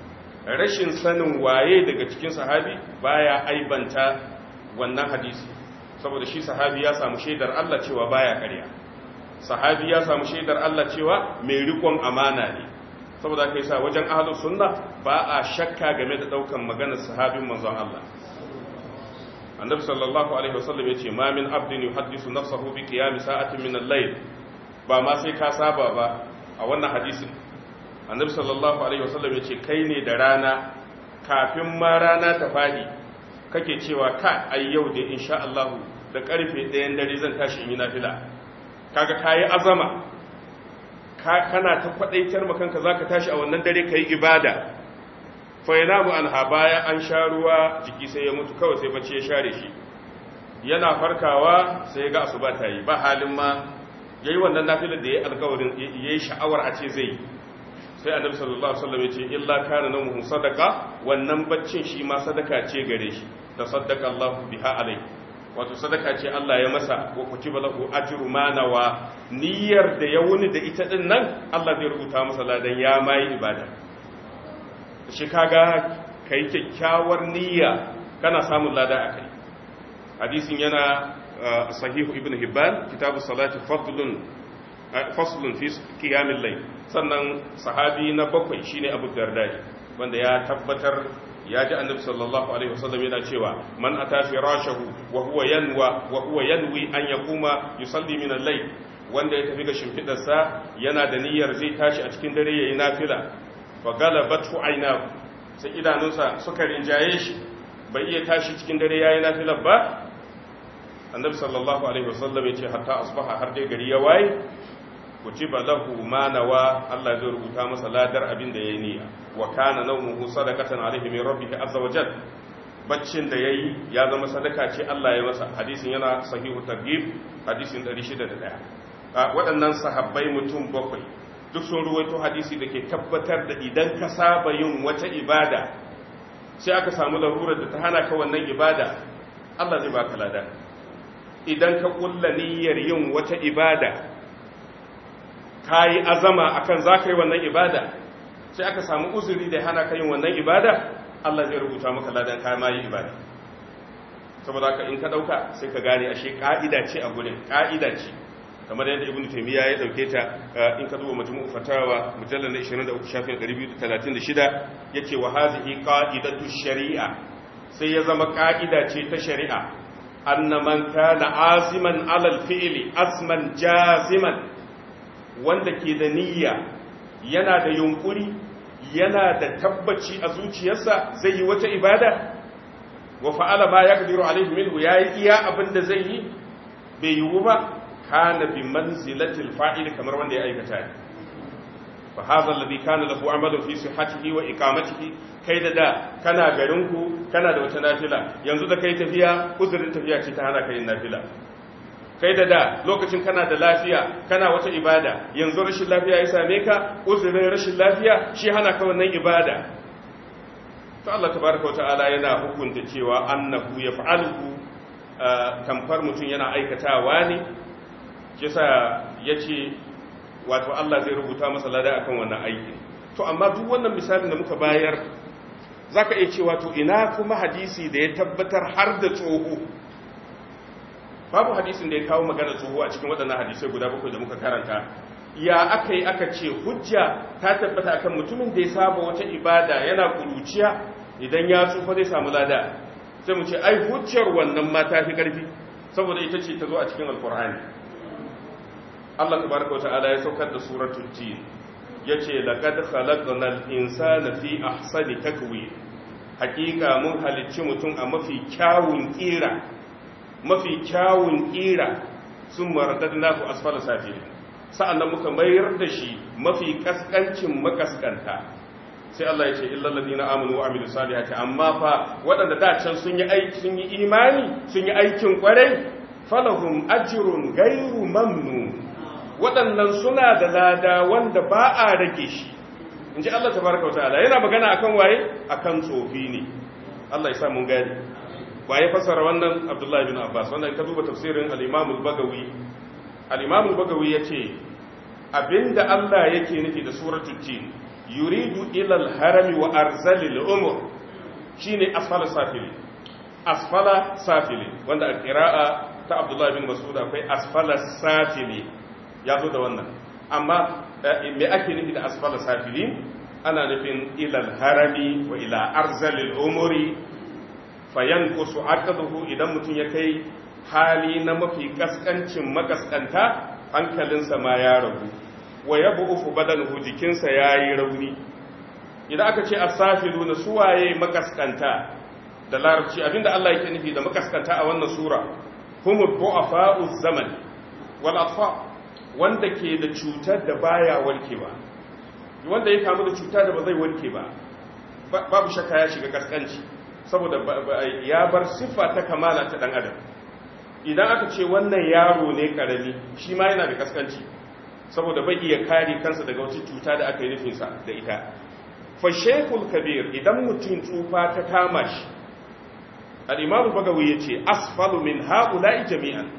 rashin sanin waye daga cikin sahabi baya aibanta wannan hadisi saboda shi sahabi ya samu shaidar Allah cewa baya ƙarya sahabi ya samu shaidar Allah cewa mai rikon amana ne saboda kai sa wajen ahlus sunna ba a shakka game da daukan maganar sahabin manzon Allah annabi sallallahu alaihi wasallam yace ma min abdin yuhaddisu nafsahu bi qiyam sa'atin min al-layl ba ma sai ka saba ba a wannan hadisin annabi sallallahu alaihi wasallam yace kai ne da rana kafin ma rana ta fadi kake cewa ka ai yau da insha Allah da karfe 1 dare zan tashi in yi nafila kaga yi azama ka kana ta kwadaitar ma kanka zaka tashi a wannan dare yi ibada fa yanamu anha baya an sha ruwa jiki sai ya mutu kawai sai bacci ya share shi yana farkawa sai ya ga asuba ta yi ba halin ma yayi wannan nafilar da yayi alƙawarin yayi sha'awar a ce zai yi. sai annabi sallallahu alaihi wasallam ya ce illa kana mun sadaka? wannan baccin shi ma sadaka ce gare shi tasaddaqa Allahu biha alaihi wato sadaka ce Allah ya masa ko wa kutiba lahu ajru ma nawa niyyar da ya wuni da ita din nan Allah zai rubuta masa ladan ya mai ibada shi kaga kai kyakkyawar niyya kana samun lada kai hadisin yana uh, sahihu ibnu hibban kitabu salati fadlun uh, faslun fi qiyamil layl sannan sahabi na bakwai shine abu darda wanda ya tabbatar ya ji annabi sallallahu alaihi wasallam yana cewa man ata firashahu wa huwa yanwa wa huwa yanwi an yakuma yusalli min al wanda ya tafi ga shimfidarsa yana da niyyar zai tashi a cikin dare yayi nafila fa galabatu aynahu sai idanunsa suka rinjaye shi bai iya tashi cikin dare yayi nafila ba annabi sallallahu alaihi wasallam ya ce hatta asbaha har dai gari ya waye kutiba lahu ma nawa Allah zai rubuta masa ladar abin da yayi niyya wa kana nawmuhu sadaqatan alayhi min rabbih azza wa jalla baccin da yayi ya zama sadaka ce Allah ya masa hadisin yana sahihu targhib hadisin 601 waɗannan sahabbai mutum bakwai duk sun ruwaito hadisi da ke tabbatar da idan ka saba yin wata ibada sai aka samu larurar da ta hana ka wannan ibada Allah zai baka lada idan ka kulla niyyar yin wata ibada ka yi azama akan za ka yi wannan ibada sai aka samu uzuri da hana ka yin wannan ibada Allah zai rubuta maka ladan ka ma yi ibada saboda haka in ka ɗauka sai ka gane ashe ƙa'ida ce a gurin ƙa'ida ce kamar yadda Ibn taymiya ya dauke ta eh, in ka duba majmu'u fatawa mujallal na 23 shafin 236 yace wa hazihi qa'idatu shari'a sai ya zama ka'ida ce ta shari'a anna man kana aziman alal fi'li asman jaziman wanda ke da niyya yana da yunkuri yana da tabbaci a zuciyarsa zai yi wata ibada wa fa'ala ma yaqdiru alayhi minhu yayi iya abin da zai yi bai yiwu ba kana bi manzilatil fa'il kamar wanda ya aikata ne fa hadha alladhi kana lahu amalu fi sihhatihi wa iqamatihi kai da da kana garin ku kana da wata nafila yanzu da kai tafiya uzurin tafiya ce ta hana kai nafila kai da da lokacin kana da lafiya kana wata ibada yanzu rashin lafiya ya same ka uzurin rashin lafiya shi hana ka wannan ibada to Allah tabaraka ta'ala yana hukunta cewa annahu yaf'aluhu kamfar mutum yana aikatawa ne kisa yace wato Allah zai rubuta masa lada akan wannan aiki. to amma duk wannan misalin da muka bayar zaka iya cewa to ina kuma hadisi da ya tabbatar har da tsoho babu hadisin da ya kawo magana tsoho a cikin waɗannan hadisai guda bakwai da muka karanta ya aka yi aka ce hujja ta tabbata akan mutumin da ya saba wata ibada yana kuruciya idan ya tsufa zai samu lada sai mu ce ai hujjar wannan mata ta fi ƙarfi saboda ita ce ta zo a cikin alkur'ani Allah tabaraka ta'ala ya saukar da suratul jin yace laqad khalaqnal insana fi ahsani takwin hakika mun halicci mutum a mafi kyawun kira mafi kyawun ƙira sun maradar ku asfala sa’an na muka mayar da shi mafi ƙasƙancin makaskanta sai Allah ya ce illallabi na aminu Aminu amilu ce, amma fa waɗanda da can yi aiki sun yi imani sun yi aikin kwarai? Falahun, ajirun gairu mamnu waɗannan suna da lada wanda ba a rage shi in ji Allah tabaraka wa ta'ala yana magana akan waye akan tsofi ne Allah ya sa mun gani Wa ya fasara wannan abdullahi bin abbas wannan ka duba tafsirin al-imam al-bagawi al-imam al-bagawi yace abinda Allah yake nufi da suratul jin yuridu ila al-harami wa arzalil umur shine asfala safili asfala safili wanda al-qira'a ta abdullahi bin mas'ud akwai asfala safili yazo da wannan amma eh, me ake nufi da asfala safili ana nufin ila al-harami wa ila arzalil umuri fayan kusu akaduhu idan mutum ya kai hali na mafi kaskancin makaskanta hankalinsa ma ya ragu wa ya bu'ufu badanuhu jikinsa ya yi rauni idan aka ce asafilu na suwaye makaskanta da larabci abinda Allah ya nufi da makaskanta a wannan sura humu bu'afa'u zaman wal atfa wanda ke da cutar da baya warkewa wanda ya kamu da cutar da ba zai warke ba babu shakka ya shiga kaskanci saboda ya bar siffa ta kamala ta dan adam idan aka ce wannan yaro ne karami shi ma yana da kaskanci saboda bai iya kare kansa daga wata cuta da aka yi nufinsa da ita fa shekul kabir idan mutum tsufa ta kama shi al'imamu bagawi yace asfalu min haula'i jami'an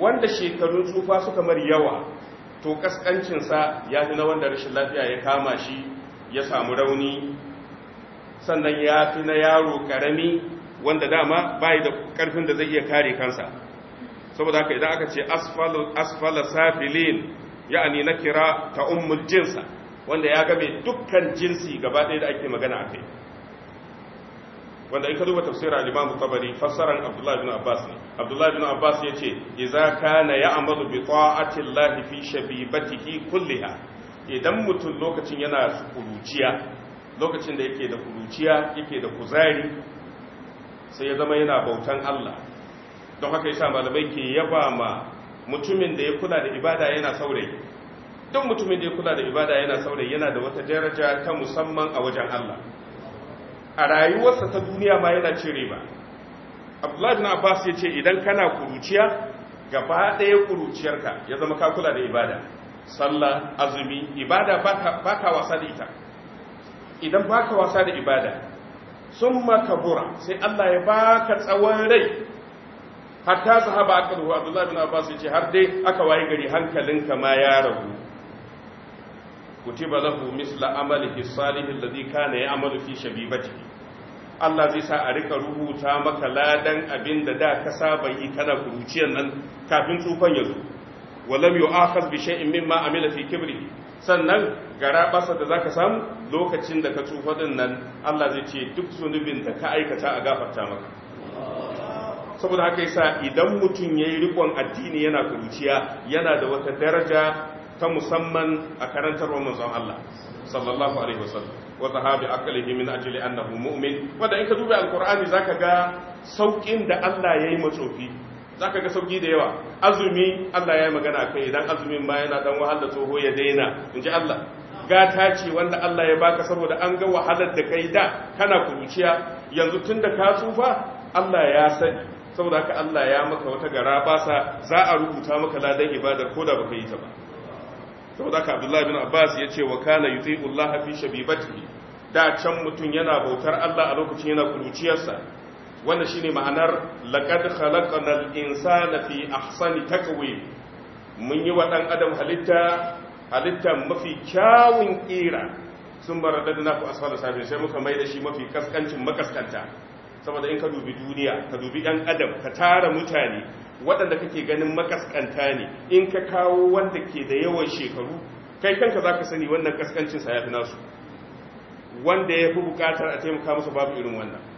wanda shekarun tsufa suka mar yawa to sa ya fi na wanda rashin lafiya ya kama shi ya samu rauni sannan ya fi na yaro karami wanda dama bai da karfin da zai iya kare kansa saboda haka idan aka ce asfala safilin ya'ani na kira ta ummul jinsa wanda ya game dukkan jinsi gaba ɗaya da ake magana a kai wanda in ka duba tafsirin al-Imam Tabari fassaran Abdullah ibn Abbas ne Abdullah ibn Abbas ce idza kana ya'malu bi ta'ati Allah fi shabibatihi kulliha idan mutum lokacin yana kuruciya lokacin da yake da kuruciya yake da kuzari sai ya zama yana bautan Allah don haka yasa malamai ke yaba ma mutumin da ya kula da ibada yana saurayi duk mutumin da ya kula da ibada yana saurayi yana da wata daraja ta musamman a wajen Allah a rayuwarsa ta duniya ma yana cire ba Abdullahi na Abbas ya ce idan kana kuruciya gaba ɗaya kuruciyarka ya zama ka kula da ibada sallah azumi ibada baka wasa da ita idan baka wasa da ibada sun makabura sai Allah ya baka tsawon rai hatta sahaba aka ruhu abdullahi bin abbas ya ce har dai aka waye gari hankalinka ma ya ragu kutiba lahu misla amalihi salih alladhi kana ya'malu fi shabibatihi Allah zai sa a rika rubuta maka ladan abin da da ka saba yi kana kuruciyar nan kafin tsufan ya zo walam yu'akhaz bi shay'in mimma amila fi kibrihi sannan gara basa da zaka samu lokacin da ka tsufa din nan Allah zai ce duk zunubin da ka aikata a gafarta maka saboda haka yasa idan mutum yayi rikon addini yana kuruciya yana da wata daraja ta musamman a karantar wa manzon Allah sallallahu alaihi wasallam wa sahabi akalihi min ajli annahu mu'min wanda in ka duba alqur'ani zaka ga saukin da Allah yayi matsofi za ka ga sauki da yawa azumi Allah ya yi magana kai idan azumin ma yana dan wahalar tsoho ya daina in ji Allah gata ce wanda Allah ya baka saboda an ga wahalar da kai da kana kuruciya yanzu tun da ka tsufa Allah ya sani saboda haka Allah ya maka wata gara basa za a rubuta maka ladan ibadar ko da baka yi ta ba saboda haka Abdullah bin Abbas ya ce wa kana yuti'u Allah fi shabibatihi da can mutum yana bautar Allah a lokacin yana kuruciyarsa wannan shine ma'anar laqad khalaqnal insana fi ahsani takwim mun yi wa dan adam halitta halitta mafi kyawun kira sun baradadna ku asfala sabi sai muka mai da shi mafi kaskancin makaskanta saboda in ka dubi duniya ka dubi ɗan adam ka tara mutane waɗanda kake ganin makaskanta ne in ka kawo wanda ke da yawan shekaru kai kanka zaka sani wannan kaskancin sa ya fi nasu wanda ya fi bukatar a taimaka masa babu irin wannan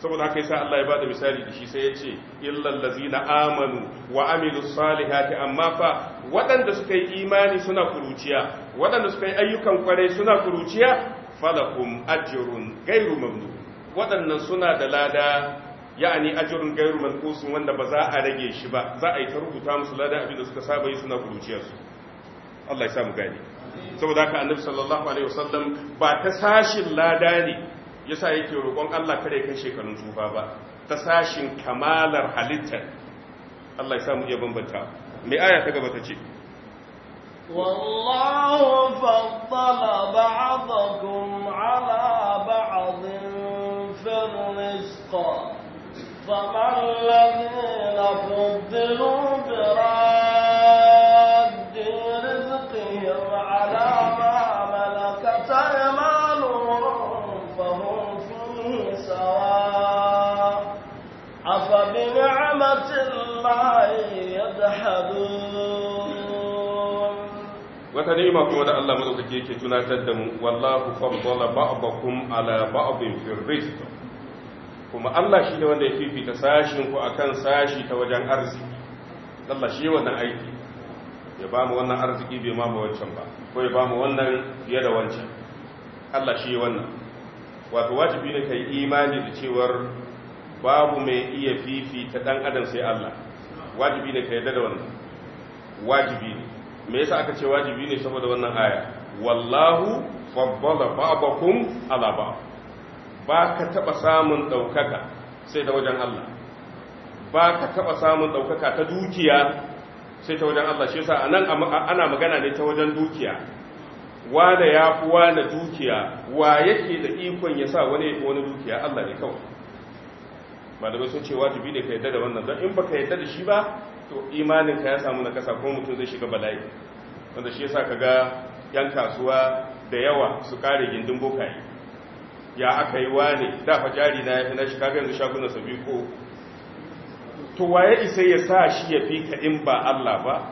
saboda haka yasa Allah ya bada misali da shi sai ya ce illal ladzina amanu wa amilus salihati amma fa waɗanda suka yi imani suna kuruciya waɗanda suka yi ayyukan kwarai suna kuruciya falakum ajrun ghairu mamnun waɗannan suna da lada ya'ani ajrun ghairu manqusun wanda ba za a rage shi ba za a yi ta rubuta musu lada abinda suka saba yi suna kuruciyar su Allah ya sa mu gane saboda haka annabi sallallahu alaihi wasallam ba ta sashin lada ne yasa yake roƙon Allah kare kai shekarun tsufa ba ta sashin kamalar halittar Allah ya samu iya bambanta mai aya ta gaba ta ce والله فضل بعضكم على بعض في الرزق فما الذين فضلوا برأي Wata تشهدون وتنعم قول الله مدوكك يكي تناتدم والله فضل بعضكم على بعض في الرزق kuma Allah shi ne wanda ya fifita sashinku a kan sashi ta wajen arziki Allah shi wannan aiki ya ba mu wannan arziki bai mamu wancan ba ko ya ba mu wannan fiye da wancan Allah shi wannan wato wajibi ne kai imani da cewar babu mai iya fifita dan adam sai Allah wajibi ne ka yarda da wannan wajibi ne me yasa aka ce wajibi ne saboda wannan aya wallahu faddala ba'dakum ala ba'd ba ka taba samun daukaka sai da wajen Allah ba ka taba samun daukaka ta dukiya sai ta wajen Allah shi yasa anan ana magana ne ta wajen dukiya da ya fi wani dukiya wa yake da ikon ya sa wani wani dukiya Allah ne kawai malamai sun ce wajibi ne ka yadda da wannan don in ba ka yadda da shi ba to imanin ka ya samu na kasa ko mutum zai shiga bala'i wanda shi yasa kaga yan kasuwa da yawa su kare gindin bokaye ya aka yi wane da fa jari na yafi na shi kaga yanzu shagunan sabi biyu ko to waye isa ya sa shi ya fi ka in ba Allah ba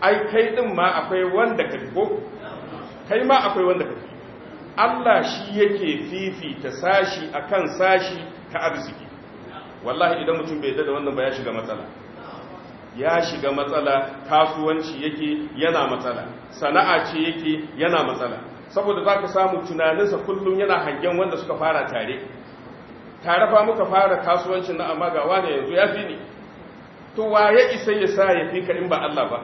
ai kai din ma akwai wanda ka ko kai ma akwai wanda ka Allah shi yake fifita sashi akan sashi ta arziki wallahi idan mutum bai dada wannan ba ya shiga matsala ya shiga matsala kasuwanci yake yana matsala sana'a ce yake yana matsala saboda za ka samu tunaninsa kullum yana hangen wanda suka fara tare tare fa muka fara kasuwancin na amma ga wane yanzu ya fi ni to wa ya isa ya sa ya fi ka in ba Allah ba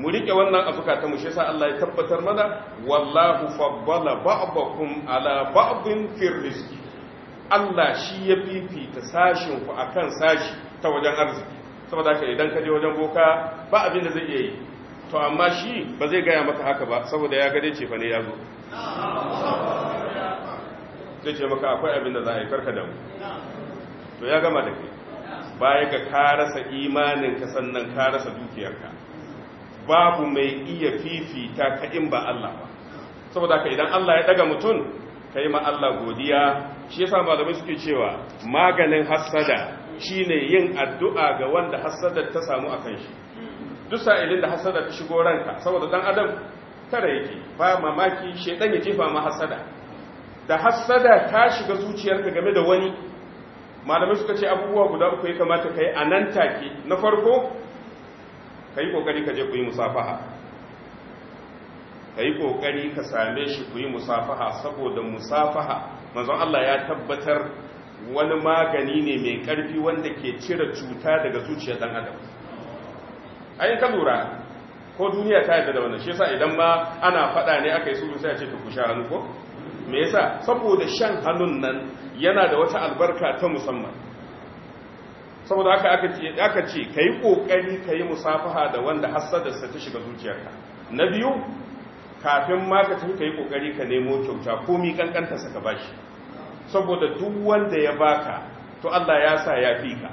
mu rike wannan a ta mu shi sa Allah ya tabbatar mana wallahu faddala ba'dakum ala ba'din fi rizqi Allah shi ya fifita sashinku ku kan sashi ta wajen arziki saboda haka idan ka je wajen boka ba abin da zai iya yi to amma shi ba zai gaya maka haka ba saboda ya gade ce fa ne ya zo zai ce maka akwai abin da za a yi karka damu to ya gama da kai baya ga ka rasa ka sannan ka rasa dukiyarka babu mai iya fifita ka in ba Allah ba saboda ka idan Allah ya daga mutum ka yi ma Allah godiya shi yasa malamai suke cewa maganin hassada shine yin addu'a ga wanda hasada ta samu a kan shi duk sa'ilin da hasada ta shigo ranka saboda dan adam tare yake ba mamaki shedan ya jefa ma hassada da hassada ta shiga zuciyarka game da wani malamai suka ce abubuwa guda uku ya kamata kai a nan take na farko kai kokari ka je ku yi musafaha ka yi ka same shi ku yi musafaha saboda musafaha manzon Allah ya tabbatar wani magani ne mai ƙarfi wanda ke cire cuta daga zuciyar dan adam ayin ka lura ko duniya ta yadda da wannan shi yasa idan ma ana faɗa ne aka yi sulhu sai a ce ku sha hannu ko me yasa saboda shan hannun nan yana da wata albarka ta musamman saboda haka aka ce aka ce kai kokari kai musafaha da wanda sa ta shiga zuciyarka na biyu kafin ma ka tafi yi kokari ka nemo kyauta ko mi kankanta sa ka bashi saboda duk wanda ya baka to Allah ya sa ya fi ka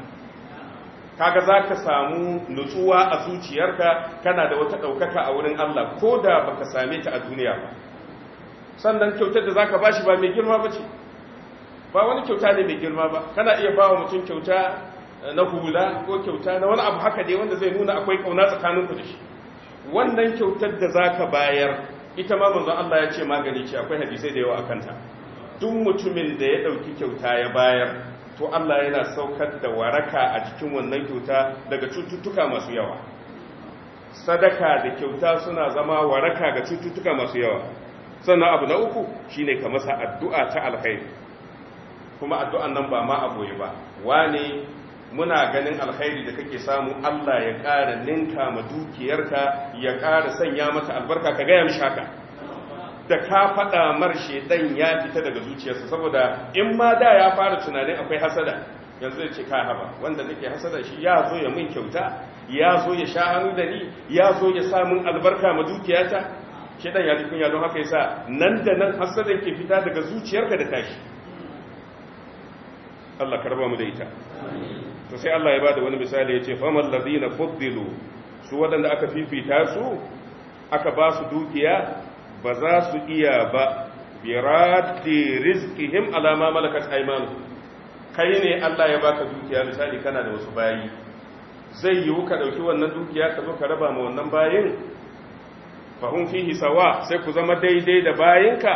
kaga zaka samu nutsuwa a zuciyarka kana da wata daukaka a wurin Allah ko da baka same ta a duniya ba sannan kyautar da ka bashi ba mai girma bace ba wani kyauta ne mai girma ba kana iya ba wa mutum kyauta na hula ko kyauta na wani abu haka ne wanda zai nuna akwai kauna tsakaninku da shi wannan kyautar da za ka bayar ita ma manzon Allah ya ce magani ce akwai hadisai da yawa akan ta duk mutumin da ya ɗauki kyauta ya bayar to Allah yana saukar da waraka a cikin wannan kyauta daga cututtuka masu yawa sadaka da kyauta suna zama waraka ga cututtuka masu yawa sannan abu na uku shine ka masa addu'a ta alkhairi kuma addu'an nan ba ma aboye ba wane muna ganin alkhairi da kake samu Allah ya ƙara ninka ma dukiyarka ya ƙara sanya mata albarka ka gaya mishi haka da ka faɗa mar shedan ya fita daga zuciyarsa saboda in ma da ya fara tunanin akwai hasada yanzu ya ce ka haba wanda nake hasada shi ya zo ya min kyauta ya zo ya sha hannu da ni ya zo ya sa min albarka ma dukiyata shedan ya ji kunya don haka yasa nan da nan hasadan ke fita daga zuciyarka da tashi Allah karba mu da ita to sai Allah ya bada wani misali yace famal ladina fuddilu su wadanda aka fifita su aka ba su dukiya ba za su iya ba birati rizqihim ala ma malakat aymanu kai ne Allah ya baka dukiya misali kana da wasu bayi zai yiwu ka dauki wannan dukiya ka zo ka raba ma wannan bayin fa hum fihi sawa sai ku zama daidai da bayinka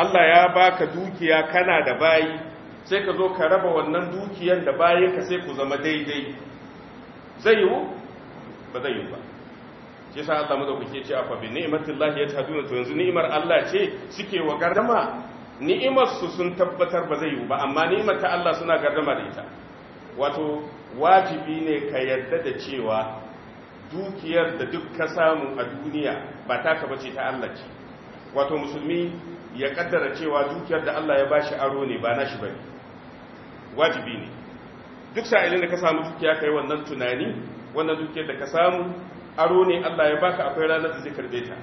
Allah ya baka dukiya kana da bayi sai ka zo ka raba wannan dukiyar da bayan ka sai ku zama daidai zai yiwu ba zai yiwu ba ce sa Allah kuke ce afa ya ta yatahaduna to yanzu ni'imar Allah ce suke wa gardama ni'imar sun tabbatar ba zai yiwu ba amma ni'imar ta Allah suna gardama da ita wato wajibi ne ka yarda da cewa dukiyar da duk ka samu a duniya ba taka bace ta Allah ce wato musulmi ya kaddara cewa dukiyar da Allah ya bashi aro ne ba nashi bane wajibi ne duk sa'ilin da ka samu dukiya kai wannan tunani wannan dukiyar da ka samu aro ne Allah ya baka akwai ranar da zikir da ta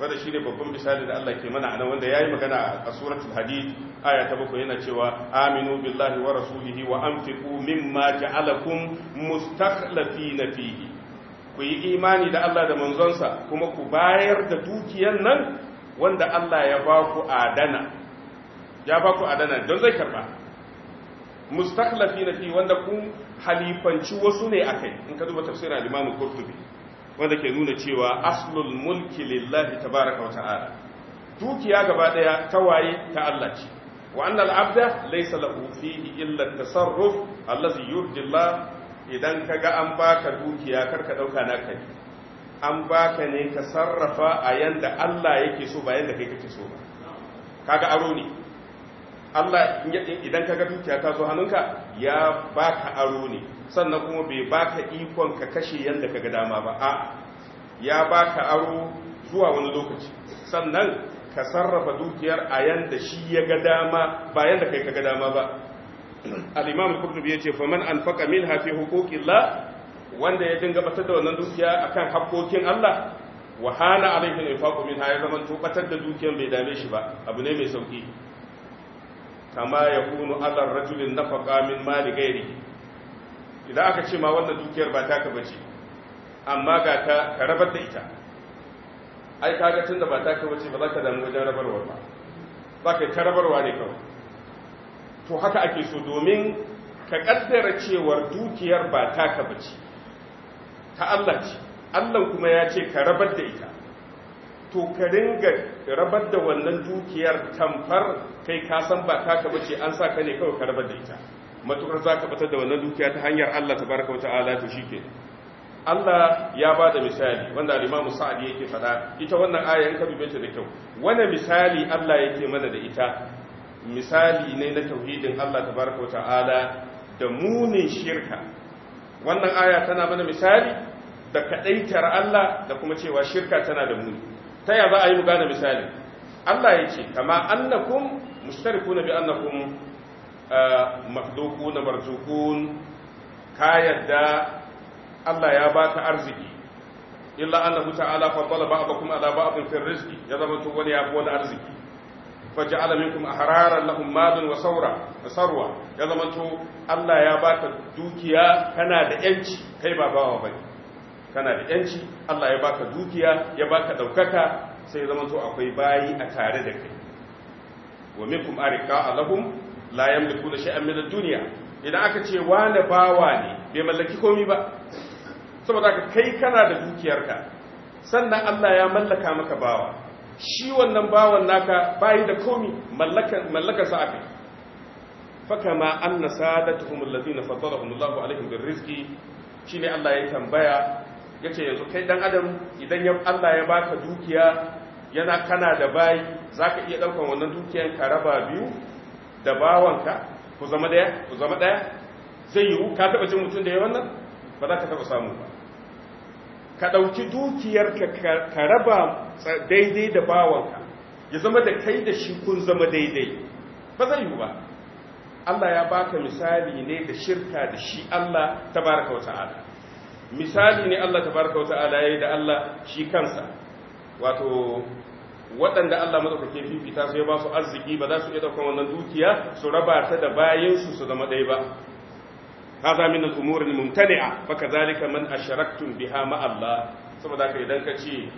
wanda shine babban misali da Allah ke mana anan wanda yayi magana a suratul hadid aya ta bakwai yana cewa aminu billahi wa rasulihi wa anfiqu mimma ja'alakum mustakhlifina fihi ku yi imani da Allah da manzonsa kuma ku bayar da dukiyar nan wanda Allah ya ba ku adana ya ba ku adana don zai karba mustaklafi na fi wanda kun halifanci wasu ne akai in ka duba tafsirin al-Imam Qurtubi wanda ke nuna cewa aslul mulki lillahi tabaaraka wa ta'ala dukiya gaba daya tawaye ta Allah ce wa annal abda laysa lahu fihi illa at-tasarruf allazi yurdi Allah idan kaga an baka dukiya karka dauka naka ne an baka ne ka sarrafa a yanda Allah yake so ba yanda kai kake so ba kaga aro ne Allah idan kaga dukiya ta zo hannunka ya baka aro ne sannan kuma bai baka ikon ka kashe yanda kaga dama ba a ya baka aro zuwa wani lokaci sannan ka sarrafa dukiyar a yanda shi ya ga dama ba yanda kai kaga dama ba al-imam al-qurtubi yace faman anfaqa minha fi huquqillah wanda ya dinga batar da wannan dukiya akan hakkokin Allah wa hana alaihi infaqu min ya zaman to batar da dukiyan bai dame shi ba abu ne mai sauki kama ya kunu ala rajulin nafaqa min mali ghairi idan aka ce ma wannan dukiyar ba taka bace amma ga ta ka rabar da ita ai kaga tunda ba taka bace ba za ka damu wajen rabarwa ba ba kai ta rabarwa ne kawai to haka ake so domin ka kaddara cewar dukiyar ba taka bace ta Allah ce Allah kuma ya ce ka rabar da ita to ka ringa rabar da wannan dukiyar tamfar kai ka san ba taka bace an sa ka ne kawai ka rabar da ita matukar za ka fitar da wannan dukiya ta hanyar Allah tabaraka wa ta'ala to shike Allah ya ba da misali wanda al-Imam Sa'di yake fada ita wannan aya kabi ka dube da kyau wani misali Allah yake mana da ita misali ne na tauhidin Allah tabaraka wa ta'ala da munin shirka wannan aya tana mana misali da kadaitar Allah da kuma cewa shirka tana da muni ta ya za a yi mu gane misali Allah ya ce kama annakum mushtarikuna bi annakum uh, mahdukuna marzuqun ka yadda Allah ya baka arziki illa annahu ta'ala talaba ba'dakum ala ba'd fil rizqi ya zama to wani ya fi wani arziki فجعل minkum احرارا لهم مال wa saura sarwa ya الله Allah ya baka dukiya kana da كاي kai ba bawa bane kana da yanci Allah ya baka dukiya ya baka daukaka sai zamanto akwai bayi a tare da kai wa minkum arika lahum idan aka ce wane bawa ne bai mallaki komi ba saboda kai kana da dukiyarka sannan Allah ya mallaka maka bawa shi wannan bawan naka bayi da komi mallakarsa aka yi fakama an na sadatuhum allazina fadarahum alaihim birrizqi shine Allah ya tambaya yace yanzu kai dan adam idan ya Allah ya baka dukiya yana kana da bayi zaka iya daukan wannan dukiyan ka raba biyu da bawanka ku zama daya zai yiwu ka taba jin mutum da ya wannan ba za ka taba samu ba ka ɗauki dukiyarka ka raba daidai da bawanka ya zama da kai da shi kun zama daidai ba zai yi ba Allah ya baka misali ne da shirka da shi Allah tabaraka wa ta'ala misali ne Allah tabaraka wa ta'ala yi da Allah shi kansa wato waɗanda Allah ke fifita su ya ba su arziki ba za su iya daukan wannan dukiya su raba ta da bayansu su zama ɗaya ba hadha min al-umur al-mumtani'a fa kadhalika man asharaktum biha ma saboda haka idan ka ce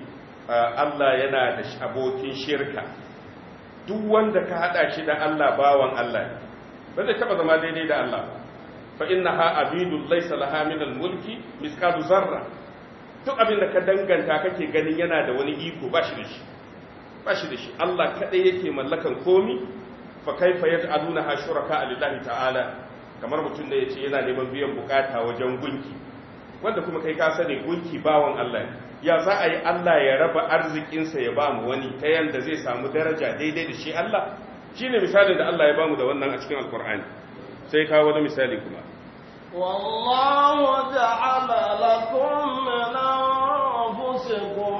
Allah yana da abokin shirka duk wanda ka hada shi da Allah bawan Allah ba zai taba zama daidai da Allah fa ha abidul laysa laha min al-mulki misqalu zarra duk abin da ka danganta kake ganin yana da wani iko ba shi da shi ba shi da shi Allah kadai yake mallakan komi fa kaifa yaj'aluna ha shuraka lillahi ta'ala kamar mutum da ya ce yana neman biyan bukata wajen gunki wanda kuma kai ka sani gunki bawan Allah ya za a yi Allah ya raba arzikinsa ya ba mu wani ta yanda zai samu daraja daidai da shi Allah shine misalin da Allah ya ba mu da wannan a cikin alkur'ani sai kawo wani misali kuma wallahu ja'ala lakum min anfusikum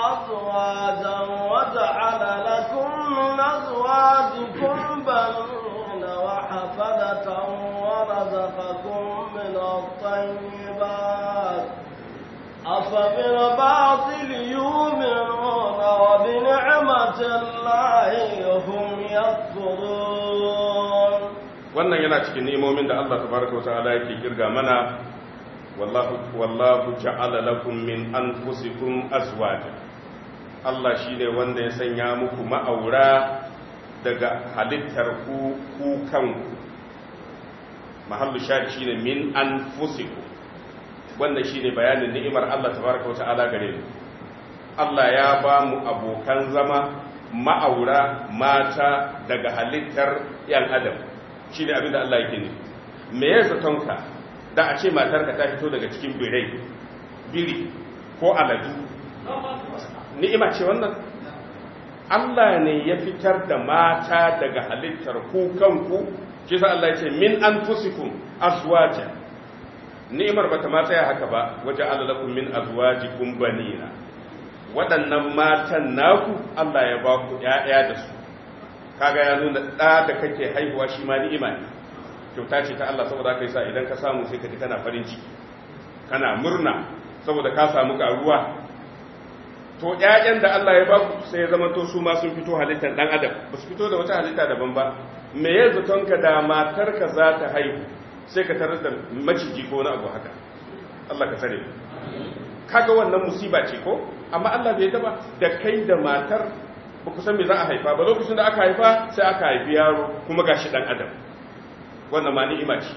azwajan wa ja'ala lakum min azwajikum مغفرة ورزقكم من الطيبات أفمن باطل يؤمنون وبنعمة الله هم يكفرون wannan yana cikin ni'imomin da Allah tabaraka wa ta'ala yake kirga mana wallahu wallahu ja'ala lakum min anfusikum azwajan Allah shine wanda ya sanya muku ma'aura daga halittar ku ku kanku mahallu shahid shine min anfusikum wannan shine bayanin ni'imar Allah tabaraka Ta'ala gare mu Allah ya ba mu abokan zama ma'aura mata daga halittar yan adam shine abin da Allah yake ne me ya zatonka da a ce matar ka ta fito daga cikin birai biri ko aladu ni'ima ce wannan Allah ne ya fitar da mata daga halittar ku kanku shi sa Allah ya ce min anfusikum azwaja ni'imar bata ma matsaya haka ba waje alalakum min azwajikum banina waɗannan matan naku Allah ya ba ku ƴaƴa da su kaga ya nuna ɗa da kake haihuwa shi ma ni'ima ne kyauta ce ta Allah saboda kai sa idan ka samu sai ka ji kana farin ciki kana murna saboda ka samu karuwa to ƴaƴan da Allah ya baku sai ya zama to su ma sun fito halittar dan adam ba su fito da wata halitta daban ba me ya zatonka da matarka za ta haihu sai ka tarar da maciji ko wani abu haka Allah ka tsare kaga wannan musiba ce ko amma Allah bai taba da kai da matar ba ku san me za a haifa ba lokacin da aka haifa sai aka haifi yaro kuma gashi dan adam wannan ma ni'ima ce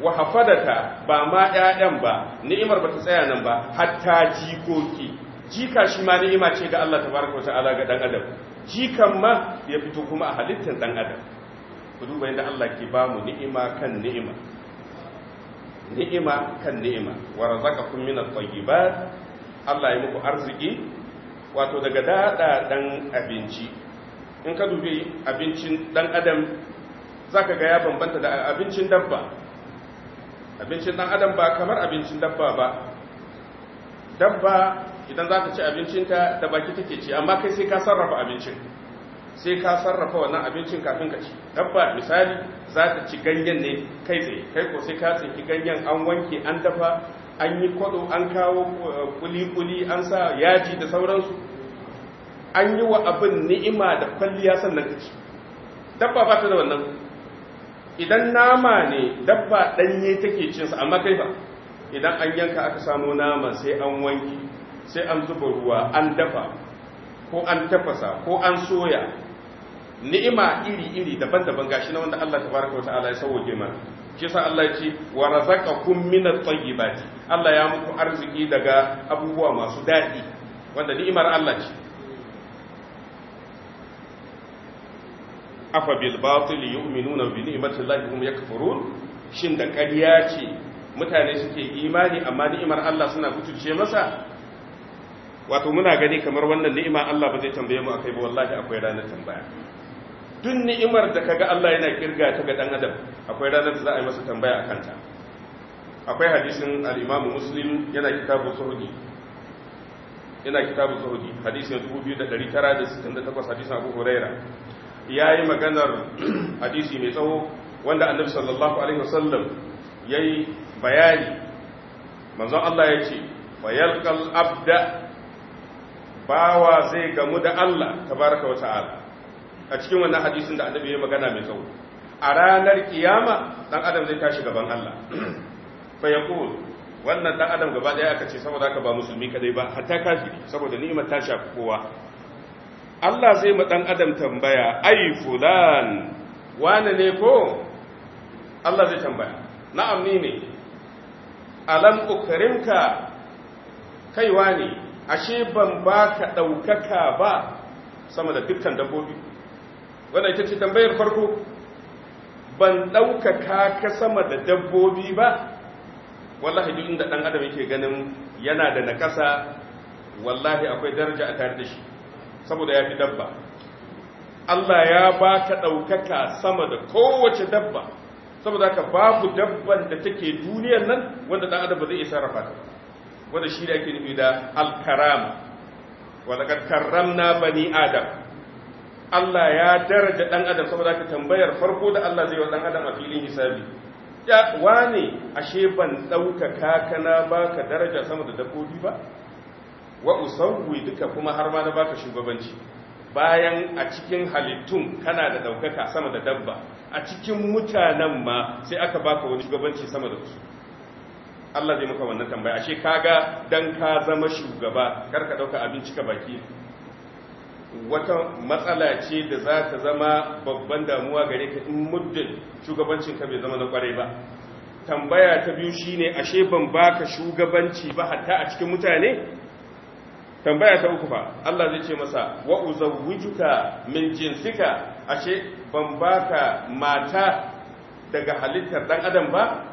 wa hafadata ba ma ƴaƴan ba ni'imar ba ta tsaya nan ba hatta jikoki jika shi ma ni'ima ce ga Allah tabaraka wa ta'ala ga dan adam jikan ma ya fito kuma a halittar dan adam ku duba yadda Allah ke ba mu ni'ima kan ni'ima ni'ima kan ni'ima wa razaqakum min at-tayyibat Allah ya muku arziki wato daga dada dan abinci in ka dubi abincin dan adam zaka ga ya bambanta da abincin dabba abincin dan adam ba kamar abincin dabba ba dabba idan zaka ci abincinta da baki take ci amma kai sai ka sarrafa abincin sai ka sarrafa wannan abincin kafin ka ci dabba misali za ta ci ganyen ne kai tsaye kai ko sai ka tsinki ganyen an wanke an dafa an yi kwado an kawo eh, kuli-kuli an sa yaji da sauransu an yi wa abin ni'ima da kwalliya sannan ka ci dabba ba ta da wannan idan nama ne dabba ɗanye take cinsa amma kai ba idan an yanka aka samo nama sai an wanke, sai an zuba ruwa an dafa ko an tafasa ko an soya ni'ima iri-iri daban-daban gashi na wanda Allah baraka wa ta'ala ya sauke mana shi yasa Allah ya ce wa razaqakum min at-tayyibati Allah ya muku arziki daga abubuwa masu dadi wanda ni'imar Allah ce afa bil batil yu'minuna bi ni'mati llahi hum yakfurun shin da ƙarya ce mutane suke imani amma ni'imar Allah suna kutuce masa wato muna gani kamar wannan ni'ima Allah ba zai tambaye mu akai ba wallahi akwai ranar tambaya duk ni'imar da kaga Allah yana kirga ta ga dan adam akwai ranar da za a yi masa tambaya a kanta akwai hadisin al-Imam Muslim yana kitabu Suhudi yana kitabu Suhudi hadisin 2968 hadisin Abu Huraira yayi maganar [CLEARS THROAT] hadisi mai tsawo wanda Annabi sallallahu alaihi wasallam yayi bayani manzon Allah yace yalqal abda bawa zai gamu da Allah tabaraka wa ta'ala a cikin wannan hadisin da annabi ya magana mai tsawo a ranar kiyama dan adam zai tashi gaban Allah [CLEARS THROAT] fa yaqul wannan dan adam gaba daya aka ce saboda haka ba musulmi kadai ba hatta kafi saboda ni'imar ta shafi kowa Allah zai ma dan adam tambaya ai fulan wane ne ko Allah zai tambaya na'am ni ne alam ukrimka kaiwa ne ashe ban baka daukaka ba sama da dukkan dabbobi wannan ita ce tambayar farko ban ɗaukaka ka sama da dabbobi ba wallahi duk inda ɗan adam yake ganin yana da nakasa wallahi akwai daraja a tare da shi saboda ya fi dabba Allah ya ba ka ɗaukaka sama da kowace dabba saboda ka babu dabban da take duniyar nan wanda ɗan adam ba zai iya rafa ta wanda shi da ake nufi da alkaram wadda karramna bani adam Allah ya daraja ɗan adam saboda ka tambayar farko da Allah zai wa ɗan adam a filin hisabi ya wane ashe ban ɗaukaka kana baka daraja sama da dabbobi ba wa usawwi duka kuma har ma na baka shugabanci bayan a cikin halittun kana da ɗaukaka sama da dabba a cikin mutanen ma sai aka baka wani shugabanci sama da su Allah zai maka wannan tambaya ashe kaga dan ka zama shugaba karka ɗauka abinci ka baki wata matsala ce da za ta zama babban damuwa gare ka in muddin shugabancin ka bai zama na kwarai ba tambaya ta biyu shine ashe ban baka shugabanci ba hatta a cikin mutane tambaya ta uku fa Allah zai ce masa wa uzawwijuka min jinsika ashe ban baka mata daga halittar dan adam ba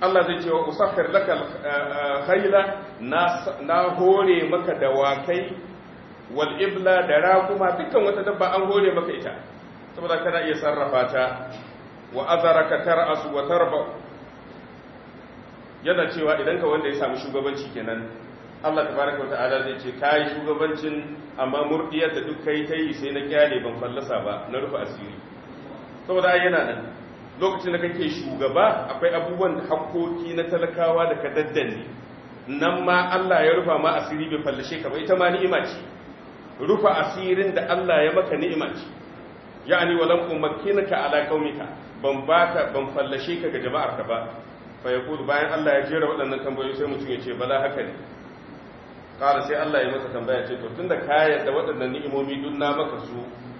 Allah zai ce wa usakhir laka eh, eh, khayla na hore maka dawakai wal ibla da raguma dukkan wata dabba an gode maka ita saboda kana iya sarrafa ta wa azaraka tar'asu wa tarba yana cewa idan ka wanda ya samu shugabanci kenan Allah tabaaraka wa ta'ala zai ce kai shugabancin amma murdiyar da duk kai tayi sai na kyale ban fallasa ba na rufe asiri saboda yana nan lokacin da kake shugaba akwai abubuwan da hakkoki na talakawa da ka nan ma Allah ya rufa ma asiri bai fallashe ka ba ita ma ni'ima ce rufa asirin da Allah ya maka ni'ima ce ya'ani walam umakkinaka ala qaumika ban baka ban fallashe ka ga jama'ar ka ba fa kudu bayan Allah ya jera waɗannan tambayoyi sai mutum ya ce bala haka ne kara sai Allah ya masa tambaya ce to tunda ka yarda waɗannan ni'imomi duk na maka su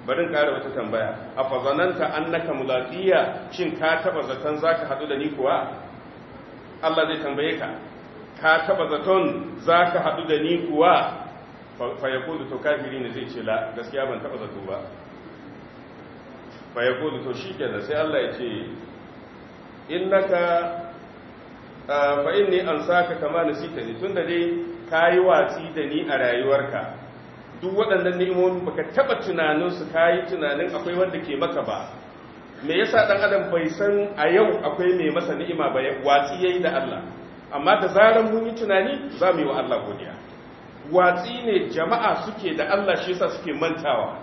bari in kara wata tambaya a fazananta annaka mulaqiya shin ka taba zaton zaka hadu da ni kuwa Allah zai tambaye ka ka taba zaton zaka hadu da ni kuwa fa ya to kafiri ne zai ce la gaskiya ban taba zato ba fa ya to shi kenan sai Allah ya ce in naka, innaka fa inni ansaka kama nasita tun da dai kayi watsi da ni a rayuwarka duk waɗannan ni'imomi baka taba tunanin su kayi tunanin akwai wanda ke maka ba me yasa dan adam bai san a yau akwai mai masa ni'ima ba watsi yayi da Allah amma da zaran mun yi tunani za mu yi wa Allah godiya watsi ne jama'a suke da Allah shi yasa suke mantawa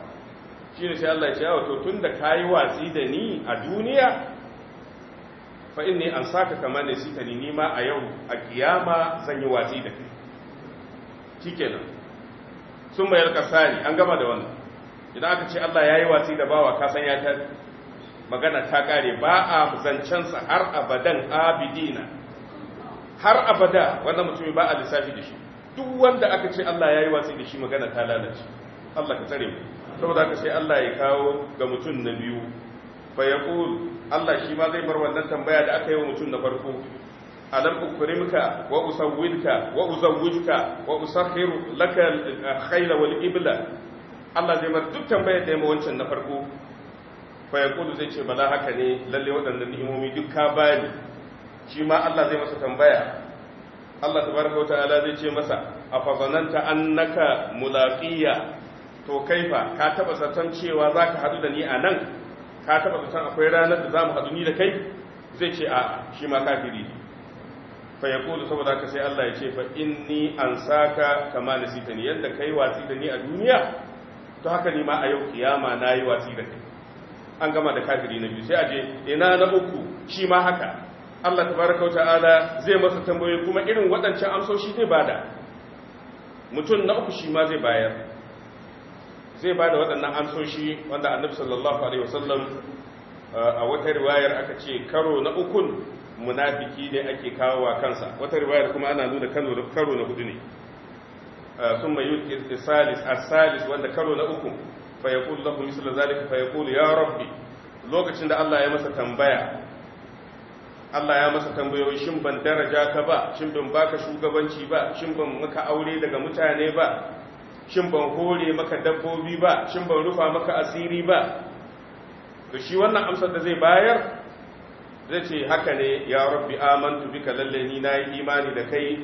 shi ne sai Allah ya ce to tun da ka watsi da ni a duniya fa inni an saka kama ne sita ni ma a yau a kiyama zan yi watsi da kai shikenan sun bayar kasari an gama da wannan idan aka ce Allah ya yi watsi da bawa ka san ya ta magana ta kare ba a zancensa har abadan abidina har abada wannan mutumi ba a lissafi da shi duk wanda aka ce Allah ya yi watsi da shi magana ta lalace Allah ka tsare mu saboda aka sai Allah ya kawo ga mutum na biyu fa ya Allah shi ma zai bar wannan tambaya da aka yi wa mutum na farko alam ukrimka wa usawwilka wa uzawwijka wa usakhiru laka khayla wal ibla Allah zai bar duk tambayar da ya wancan na farko fa ya zai ce bala haka ne lalle waɗannan ni'imomi duk ka bani shi ma Allah zai masa tambaya Allah tabaraka wa ta'ala zai ce masa a fazananta annaka mulaqiya to kaifa ka taba satan cewa zaka hadu da ni a nan ka taba satan akwai ranar da zamu hadu ni da kai zai ce a shi ma kafiri fa yaqulu saboda ka sai Allah ya ce fa inni ansaka kama ni yadda kai watsi da ni a duniya to haka ni ma a yau kiyama nayi watsi da kai an gama da kafiri na biyu sai a je ina na uku shi ma haka Allah tabaraka ta'ala zai masa tambayoyi kuma irin waɗancan amsoshi zai bada mutum na uku shi ma zai bayar zai bada waɗannan amsoshi wanda annabi sallallahu alaihi wasallam uh, a wata riwayar aka ce karo na ukun munafiki ne ake kawo wa kansa wata riwayar kuma ana nuna da kano karo na hudu ne ثم يلقي الثالث الثالث wanda karo na uku fa yaqulu lahu misla zalika fa yaqulu ya rabbi lokacin da Allah ya masa tambaya Allah ya masa tambayoyi shin ban daraja ka ba shin ban baka shugabanci ba shin ban maka aure daga mutane ba shin ban hore maka dabbobi ba shin ban rufa maka asiri ba to shi wannan amsar da zai bayar zai ce haka ne ya rabbi amantu bika lalle ni nayi imani da kai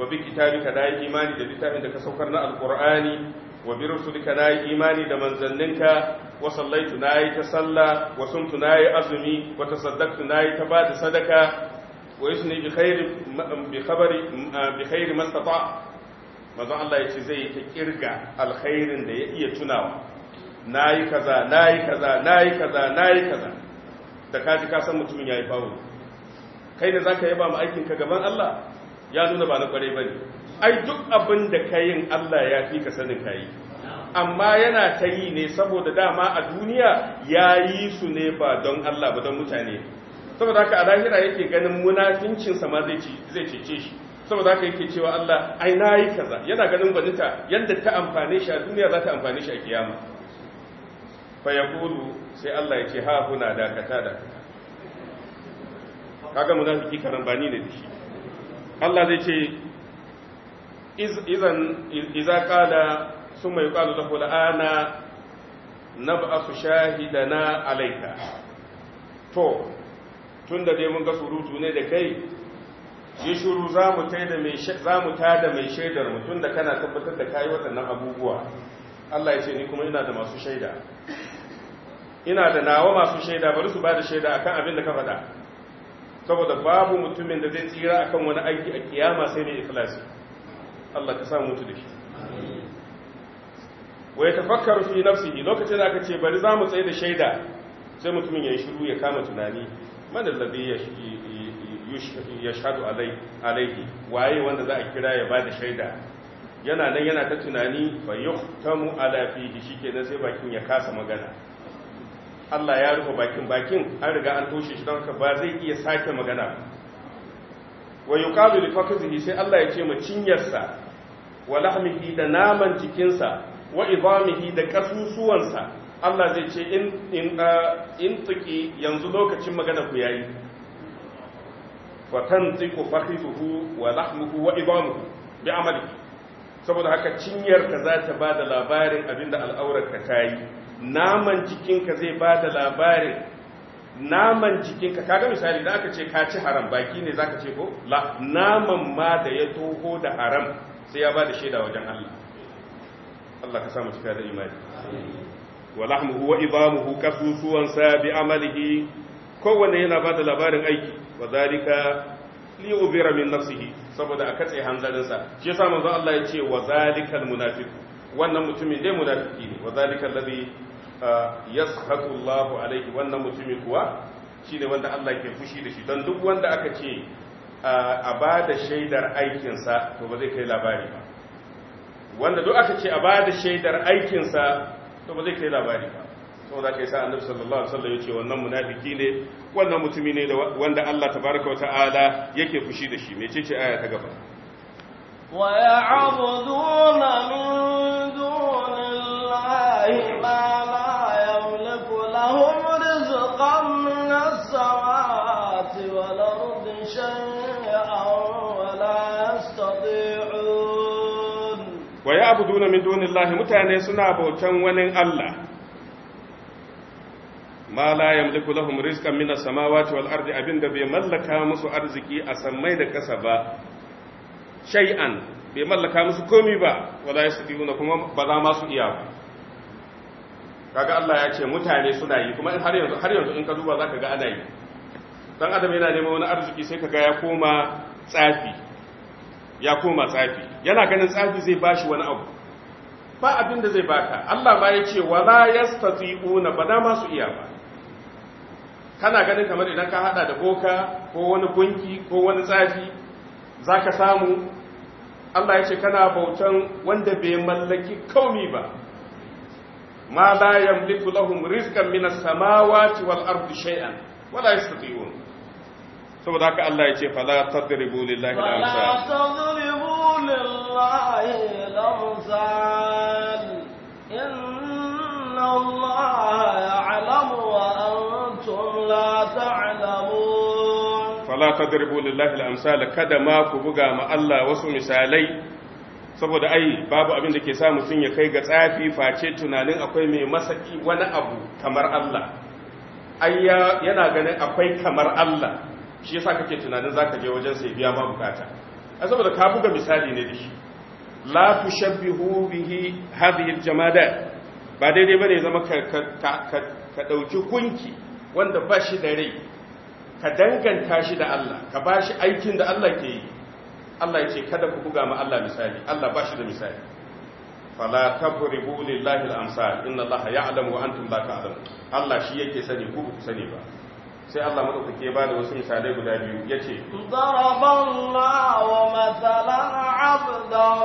wa bi kitabika da imani da littafin da ka saukar na alqur'ani wa bi rusulika yi imani da manzanninka wa sallaitu na yi ta salla wa sumtu yi azumi wa tasaddaqtu yi ta bada sadaka wa yusni bi khairi bi khabari bi khairi mastata manzo Allah yace zai ta kirga alkhairin da ya iya tunawa Na yi kaza Na yi kaza Na yi kaza Na yi kaza da kaji ka san mutumin yayi fawo kai ne zaka yaba mu aikin ka gaban Allah ya nuna ba na kware bane ai duk abin da ka Allah ya fi ka sanin kayi. amma yana ta yi ne saboda dama a duniya ya yi su ne ba don Allah ba don mutane saboda haka a lahira yake ganin munafincinsa ma zai cece shi saboda haka yake cewa Allah ai na yi kaza yana ganin gwaninta yadda ta amfane shi a duniya za ta amfane shi a kiyama fa ya kudu sai Allah ya ce ha kuna dakata dakata kaga munafiki karan bani ne da shi Allah zai ce izan iza qala sun mai ƙwazo ta kula ana na ba su na alaika to tun da mun ga surutu ne da kai yi shuru za mu ta da mai shaidar mutum da kana tabbatar da kayi waɗannan abubuwa Allah ya ce ni kuma ina da masu shaida ina da nawa masu shaida bari su ba da shaida akan abin da ka faɗa saboda babu mutumin da zai tsira akan wani aiki a kiyama sai mai ikhlasi Allah ka sa mutu da shi wa ya tafakkaru fi nafsihi lokacin da aka ce bari za mu tsaye da shaida sai mutumin ya yi shiru ya kama tunani manar ya ya shaɗu alaihi waye wanda za a kira ya ba da shaida yana nan yana ta tunani fa yuhtamu ala fihi shikenan sai bakin ya kasa magana Allah ya rufe bakin bakin an riga an toshe shi don ka ba zai iya sake magana wa yuqabilu fakzihi sai Allah ya ce mu cinyarsa wa lahmihi da naman jikinsa wa izamihi da kasusuwansa Allah zai ce in in uh, in tuki yanzu lokacin magana ku yayi fa tantiqu fakhifuhu wa lahmuhu wa idamuhu bi amali saboda haka cinyar ka za ta bada labarin abinda al'aurar ka tayi naman jikin ka zai bada labarin naman jikin ka kaga misali da aka ce ka ci haram baki ne zaka ce ko la naman ma da ya toho da haram sai ya bada shaida wajen Allah Allah ka samu cika da imani wa lahmuhu wa ibamuhu kasusuwan sa bi amalihi kowanne yana ba da labarin aiki wa zalika li ubira min nafsihi saboda a katse hanzarin sa shi yasa manzo Allah ya ce wa zalikal munafiq wannan mutumin dai munafiki ne wa zalikal ladhi Allahu alaihi wannan mutumin kuwa shine wanda Allah ke fushi da shi don duk wanda aka ce a ba da shaidar aikinsa to ba zai kai labari ba wanda duk aka ce a ba da shaidar aikinsa to ba zai kai labari ba sau da ka yi sa annabi sallallahu alaihi wasallam ce wannan munafiki ne wannan mutumi ne wanda Allah wata ala yake fushi da shi mecece aya ta gaba wa min ya'buduna min dunillahi mutane suna bautan wani Allah ma la yamliku lahum rizqan min as-samawati wal ardi abinda bai mallaka musu arziki a sammai da kasa ba shay'an bai mallaka musu komi ba wala yasdiuna kuma ba za ma su iya ba kaga Allah ya ce mutane suna yi kuma har yanzu har yanzu in ka duba zaka ga ana yi dan adam yana neman wani arziki sai kaga ya koma tsafi ya koma tsafi yana ganin tsafi zai bashi wani abu ba abin da zai baka Allah ma ya ce wala yastati'una ba su iya ba kana ganin kamar idan ka hada da boka ko wani gunki ko wani tsafi zaka samu Allah ya ce kana bautan wanda bai mallaki kaumi ba ma la yamliku lahum rizqan minas samawati wal ardi shay'an wala yastati'un saboda haka Allah ya ce fala tadribu lillahi al-amsal لله الأمثال إن الله يعلم وأنتم kada ma ku buga ma Allah wasu misalai saboda ai babu abin da ke sa mutum ya kai ga tsafi face tunanin akwai mai masaki wani abu kamar Allah ai yana ganin akwai kamar Allah shi yasa kake tunanin zaka je wajen sai biya ma bukata a saboda ka buga misali ne da shi la tushabbihu bihi hadhihi aljamadat ba daidai bane zama ka ka dauki kunki wanda ba shi da rai ka danganta shi da Allah ka ba shi aikin da Allah ke yi Allah ce kada ku buga ma Allah misali Allah ba shi da misali fala tabribu lillahi inna ya'lamu wa antum la ta'lamun Allah shi yake sani ku ku sani ba sai Allah madaukake ya bada wasu misalai guda biyu yace daraballahu mathalan 'abdan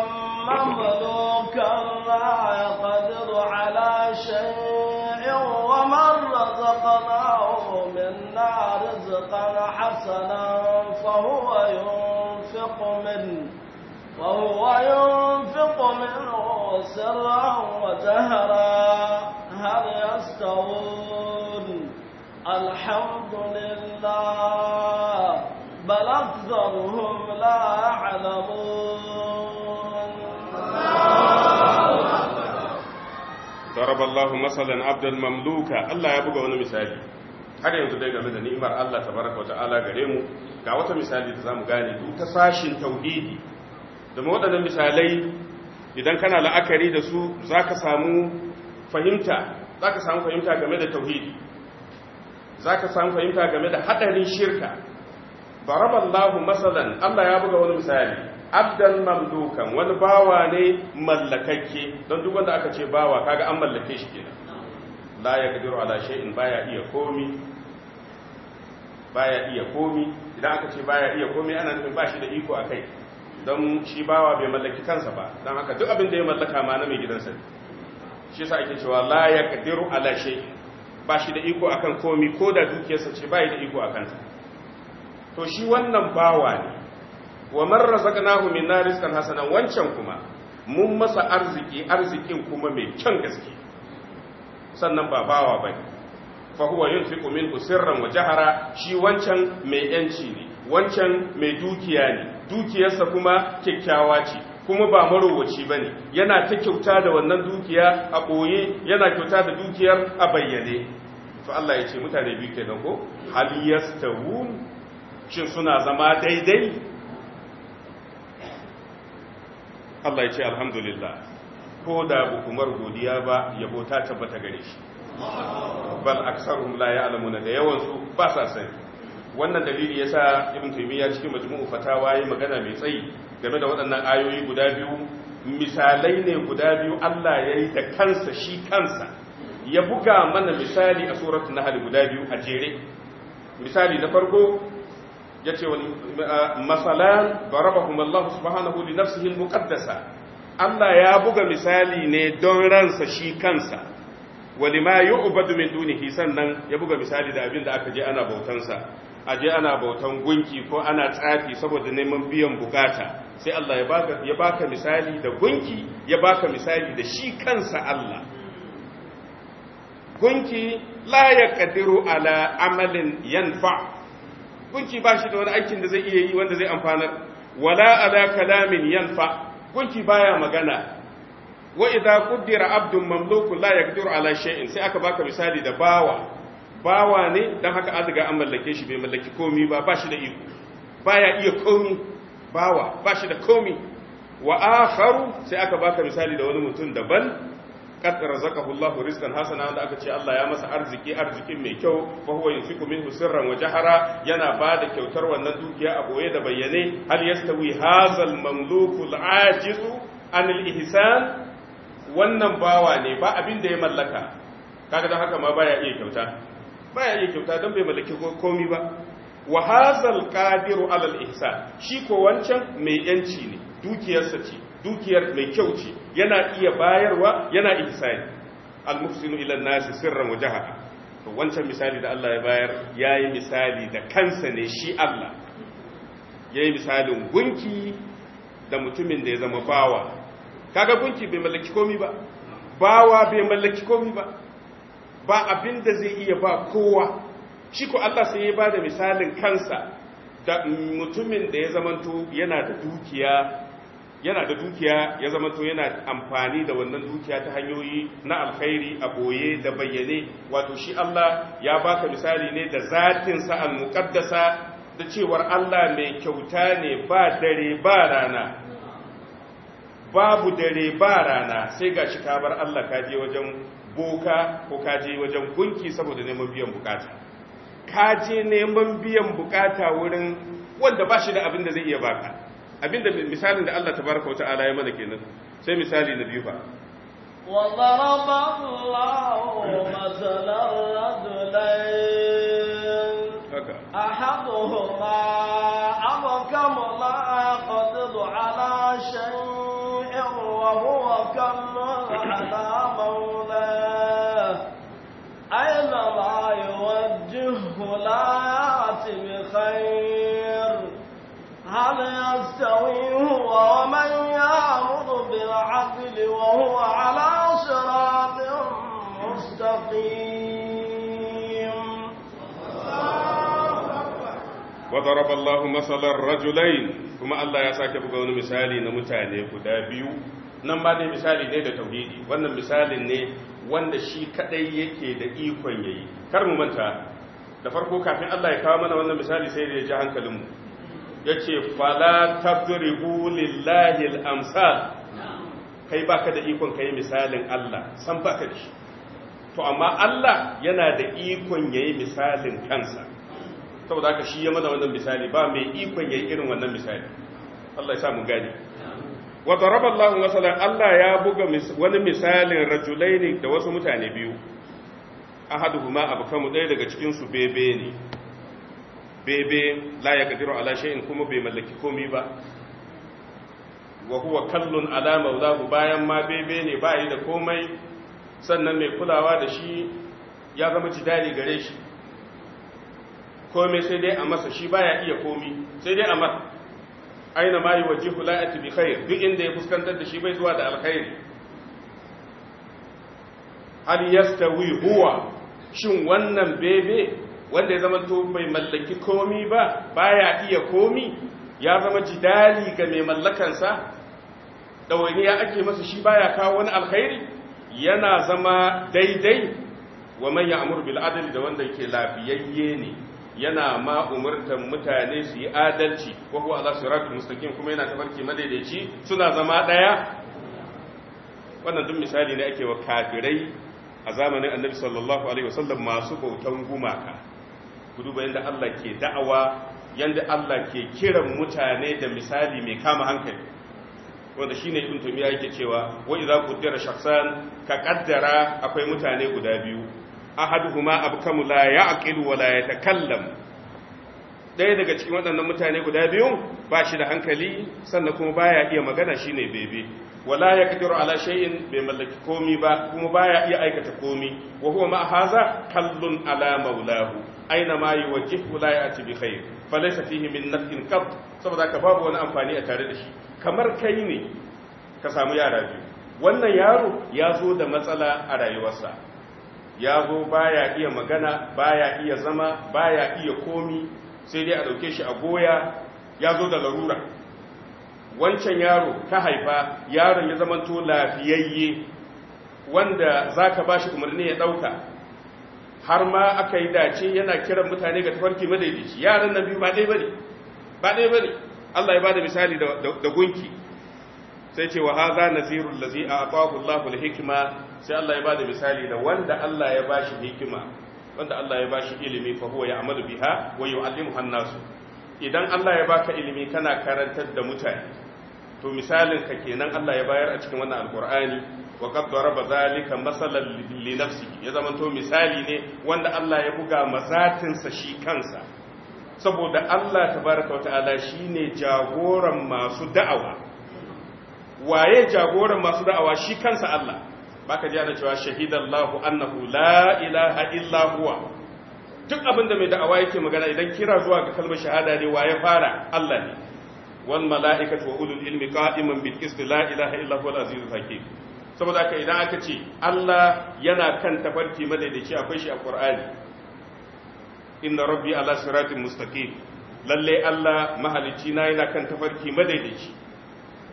mamlukan la yaqdiru 'ala shay'in wa man razaqnahu minna rizqan hasanan fa huwa yunfiqu min fa huwa yunfiqu min sirran wa jahran hal yastawun الحمد لله بل أكثرهم لا يعلمون ضرب الله مثلا عبد المملوك الله يبقى wani misali har yanzu dai game da ni'imar Allah tabaraka wa ta'ala gare mu ga wata misali da zamu gane duk ta sashin tauhidi da waɗannan misalai idan kana la'akari da su zaka samu fahimta zaka samu fahimta game da tauhidi za ka samu fahimta game da haɗarin shirka baraballahu matsalan Allah ya buga wani misali abdan mamlukan wani bawa ne mallakakke don duk wanda aka ce bawa kaga an mallake shi kenan la yaqdiru ala shay'in baya iya komi baya iya komi idan aka ce baya iya komi ana nufin ba shi da iko akai don shi bawa bai mallaki kansa ba don haka duk abin da ya mallaka ma na mai gidansa shi yasa ake cewa la yaqdiru ala shay'in ba shi da iko akan komi ko da dukiyarsa ce bai da iko akan ta to shi wannan bawa ne wa man razaqnahu na riskan hasanan wancan kuma mun masa arziki arzikin kuma mai kyan gaske sannan ba bawa bane fa huwa yunfiqu minhu sirran wa jahara shi wancan mai yanci ne wancan mai dukiya ne dukiyarsa kuma kyakkyawa ce kuma ba marowaci ba ne yana ta kyauta da wannan dukiya a ɓoye yana kyauta da dukiyar a bayyane to Allah ya ce mutane biyu nan ko hal wun suna zama daidai Allah ya ce alhamdulillah ko da hukumar godiya ba yabo ta tabbata gare shi bal aksarum la alamuna. da yawan su ba sa sani wannan dalili sa ibn taymiya cikin majmu'u fatawa yi magana mai tsayi game da waɗannan ayoyi guda biyu misalai ne guda biyu Allah ya yi da kansa shi kansa ya buga mana misali a suratun nahali guda biyu a jere misali na farko ya ce wani masalan barabahum Allah subhanahu li nafsihi muqaddasa Allah ya buga misali ne don ransa shi kansa walima yu'badu min dunihi sannan ya buga misali da abin da aka je ana bautansa a je ana bautan gunki ko ana tsafi saboda neman biyan bukata sai Allah ya baka misali da gunki ya baka misali da shi kansa Allah gunki la ya kadiru ala amalin yanfa gunki ba shi da wani aikin da zai iya yi wanda zai amfanar wala ala kalamin yanfa gunki baya magana wa idza qaddara abdun mamlukun la yaqdiru ala shay'in sai aka baka misali da bawa bawa ne don haka an riga an mallake shi bai mallaki komi ba ba shi da iko baya iya komi bawa ba shi da komi wa akharu sai aka baka misali da wani mutum daban kad razaqahu Allahu rizqan hasana wanda aka ce Allah ya masa arziki arzikin mai kyau fa huwa yunfiqu minhu sirran wa jahara yana bada kyautar wannan dukiya a boye da bayyane hal yastawi hazal mamluku al-ajizu anil ihsan wannan bawa ne ba abin da ya mallaka kaga don haka ma baya iya kyauta baya iya kyauta don bai mallaki komi ba wa hazal qadiru alal ihsan shi ko wancan mai yanci ne dukiyarsa ce dukiyar mai kyau ce yana iya bayarwa yana ihsani al muhsinu ila nasi sirran wa jahala to wancan misali da Allah ya bayar yayi misali da kansa ne shi Allah yayi misalin gunki da mutumin da ya zama bawa kaga gunki bai mallaki komi ba bawa bai mallaki komi ba ba abin da zai iya ba kowa shi ko Allah sai ya ba da misalin kansa da mutumin da ya zamanto yana da dukiya yana da dukiya ya zamanto yana amfani da wannan dukiya ta hanyoyi na alkhairi a boye da bayyane wato shi Allah ya baka misali ne da zatinsa al-muqaddasa da cewar Allah mai kyauta ne ba dare ba rana babu dare ba rana sai gashi ka bar Allah ka je wajen boka ko kaje wajen gunki saboda neman biyan bukata kaje neman biyan bukata wurin wanda ba shi da abin da zai iya baka abin da misalin da Allah Ta baraka wa ta'ala ya mana kenan sai misali na biyu ba وضرب لا يأتي بخير هل يستوي هو ومن وهو على مستقيم وضرب الله الرجلين kuma Allah ya sake buga wani misali na mutane guda biyu nan ba dai misali ne da tauhidi wannan misalin ne wanda shi kadai yake da ikon yayi kar mu manta da farko kafin Allah ya kawo mana wannan misali sai da ya ji hankalinmu ya ce fala tadribu lillahi al-amsal kai baka da ikon ka yi misalin Allah san baka da shi to amma Allah yana da ikon ya yi misalin kansa saboda haka shi ya mana wannan misali ba mai ikon ya yi irin wannan misali Allah ya sa mu gani Wata daraba Allah masalan Allah ya buga wani misalin rajulaini da wasu mutane biyu ahaduhuma abkamu ɗaya daga cikinsu bebe ne bebe la ya kadiru kuma bai mallaki komi ba wa kallon kallun ala bayan ma bebe ne ba yi da komai sannan mai kulawa da shi ya zama jidali gare shi komai sai dai a masa shi baya iya komi sai dai a masa aina ma yi kula a tibi khair duk inda ya fuskantar da shi bai zuwa da alkhairi hal yastawi huwa shin wannan bebe wanda ya zama to mai mallaki komi ba baya iya komi ya zama jidali ga mai mallakansa ya ake masa shi baya kawo wani alkhairi yana zama daidai wa man ya'mur bil da wanda ke lafiyayye ne yana ma umurtan mutane su yi adalci wa huwa ala siratul mustaqim kuma yana tabarki madaidaici suna zama ɗaya. wannan duk misali ne ake wa kafirai a zamanin annabi sallallahu alaihi wasallam masu bautan gumaka gudu ba yanda Allah ke da'awa yanda Allah ke kiran mutane da misali mai kama hankali wanda shine ibn tumiya yake cewa wa idza qaddara shakhsan ka qaddara akwai mutane guda biyu ahaduhuma abkamu la ya'qilu wa la yatakallam ɗaya daga cikin waɗannan mutane guda biyu ba shi da hankali sannan kuma baya iya magana shine bebe wala ya kadiru ala shay'in bai mallaki komi ba kuma baya iya aikata komi wa huwa ma haza kallun ala maulahu aina ma wala ya ati bi khair falaysa fihi min nafin qat saboda ka babu wani amfani a tare da shi kamar kai ne ka samu yara biyu wannan yaro ya zo da matsala a rayuwarsa ya zo baya iya magana baya iya zama baya iya komi sai dai a dauke shi a goya ya zo da larura wancan yaro ka haifa yaron ya zama to lafiyayye wanda za ka ba shi umarni ya ɗauka har ma aka yi dace yana kiran mutane ga tafarki madaidaici yaran na biyu ba ɗaya ba ne ba ɗaya ba ne allah ya ba da misali da gunki sai ce wa na nazirul lazi a atahu allah hikima sai allah ya ba da misali da wanda allah ya ba shi hikima wanda allah ya ba shi ilimi fa huwa amalu biha wa yu'allimuha an-nasu idan Allah ya baka ilimi kana karantar da mutane to misalin ka kenan Allah ya bayar a cikin wannan alqur'ani wa qad daraba zalika masalan li nafsihi ya zamanto misali ne wanda Allah ya buga mazatin sa shi kansa saboda Allah tabaaraka ta'ala shine jagoran masu da'awa waye jagoran masu da'awa shi kansa Allah baka ji ana cewa shahidallahu annahu la ilaha illa huwa duk abin da mai da'awa yake magana idan kira zuwa ga kalmar shahada ne ya fara Allah ne wal mala'ikatu wa ulul ilmi qa'iman bil qist la ilaha illa huwa al azizul hakim saboda haka idan aka ce Allah yana kan tafarki madaidaici akwai shi a Qur'ani inna rabbi ala siratin mustaqim lalle Allah mahalicci na yana kan tafarki madaidaici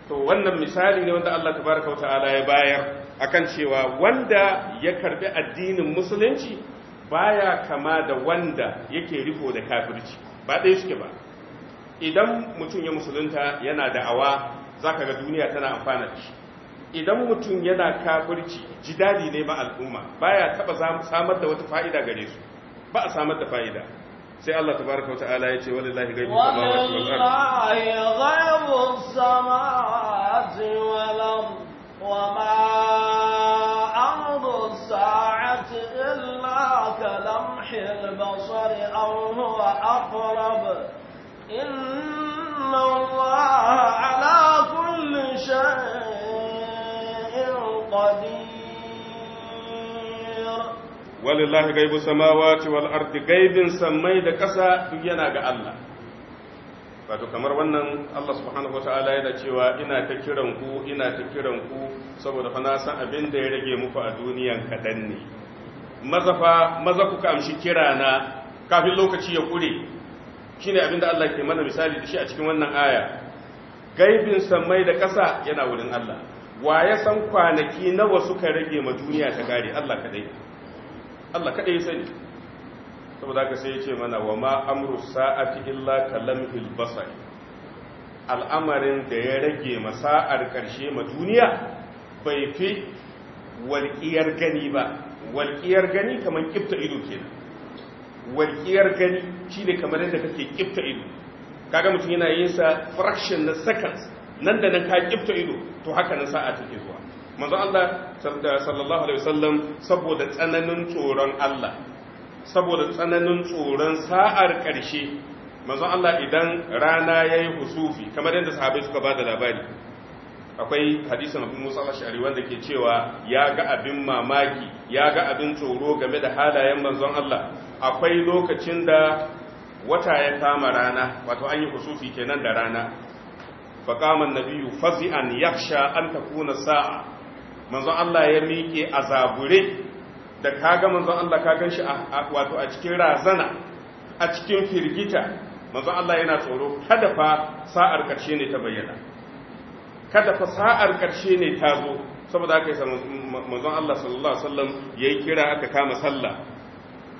to wannan misali ne wanda Allah tabaraka wa ta'ala ya bayar akan cewa wanda ya karbi addinin musulunci baya kama da wanda yake riko da kafirci ba ɗaya suke ba idan mutum ya musulunta yana da awa zaka ga duniya tana amfana da shi idan mutum yana kafirci jidali ne ma al'umma baya taba samar da wata fa'ida gare su ba a samar da fa'ida sai Allah tabaraka wata'ala ya ce wani ghaibu samawati wal ardh wa ma ما كلمح البصر أو هو أقرب إن الله على كل شيء قدير ولله غيب السماوات والأرض غيب سمي da ƙasa duk yana ga Allah wato kamar wannan Allah subhanahu wata'ala yana cewa ina ta kiran ku ina ta kiran ku saboda fa na san abin da ya rage muku a duniyan kaɗan ne maza fa maza kuka amshi kira na kafin lokaci ya kure shine abinda Allah ke mana misali da shi a cikin wannan aya gaibin samai da ƙasa yana wurin Allah wa ya san kwanaki nawa suka rage ma duniya ta gare Allah kadai Allah kadai ya sani saboda haka sai ya ce mana wa ma amru sa'ati illa kalamhil basar al'amarin da ya rage ma sa'ar karshe ma duniya bai fi walƙiyar gani ba walƙiyar gani kamar ƙifta ido kenan walƙiyar gani shine kamar yadda kake ƙifta ido kaga mutum yana yin sa fraction na seconds nan da nan ka ƙifta ido to haka nan sa'a take zuwa manzo Allah sallallahu alaihi wasallam saboda tsananin tsoron Allah saboda tsananin tsoron sa'ar ƙarshe manzo Allah idan rana yayi husufi kamar yadda sahabbai suka bada labari akwai hadisin abin musa ashari wanda ke cewa ya ga abin mamaki ya ga abin tsoro game da halayen manzon Allah akwai lokacin da wata ya kama rana wato an yi kusufi kenan da rana faƙaman nabiyu fazi'an yaksha an takuna sa'a manzon Allah ya miƙe azabure zabure da kaga manzon Allah ka ganshi wato a cikin razana a cikin firgita manzon Allah yana tsoro kada fa sa'ar ƙarshe ne ta bayyana kada fa sa'ar ƙarshe ne tazo zo saboda haka yasa manzon Allah sallallahu alaihi wasallam yayi kira aka kama sallah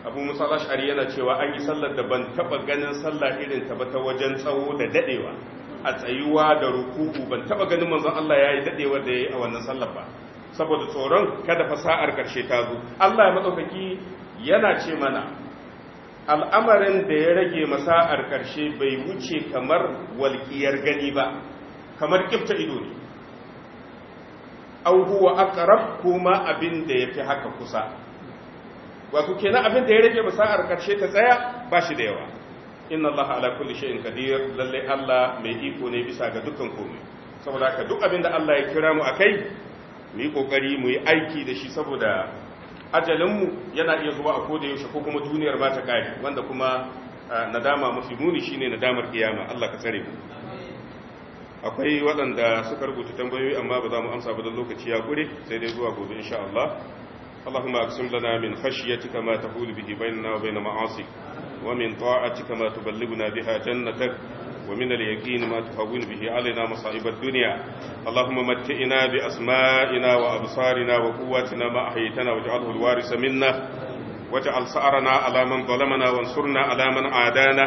Abu Musa al-Ash'ari yana cewa an yi sallar da ban taba ganin sallah irin ta ba ta wajen tsawo da dadewa a tsayuwa da ruku'u ban taba ganin manzon Allah yayi dadewa da yayi a wannan sallar ba saboda tsoron kada fa sa'ar ƙarshe ta Allah ya madaukaki yana ce mana al'amarin da ya rage masa'ar ƙarshe bai wuce kamar walƙiyar gani ba kamar kifta ido ne au huwa aqrab kuma abin da yafi haka kusa wato kenan abin da ya rage basa'ar karshe ta tsaya ba shi da yawa inna allaha ala kulli shay'in qadir lalle allah mai iko ne bisa ga dukkan komai saboda haka duk abin da allah ya kira mu akai mu yi kokari mu yi aiki da shi saboda ajalinmu yana iya zuwa a koda yaushe ko kuma duniyar ba ta kare wanda kuma eh, nadama mafi muni shine nadamar kiyama allah ka tsare mu akwai waɗanda suka rubuta tambayoyi amma ba za mu amsa ba don lokaci ya gure sai dai zuwa gobe insha Allah اللهم اقسم لنا من خشيتك ما تحول به بيننا وبين معاصيك ومن طاعتك ما تبلغنا بها جنتك ومن اليقين ما تهون به علينا مصائب الدنيا اللهم متئنا بأسمائنا وأبصارنا وقواتنا ما أحيتنا واجعله الوارث منا واجعل سأرنا على من ظلمنا وانصرنا على من عادانا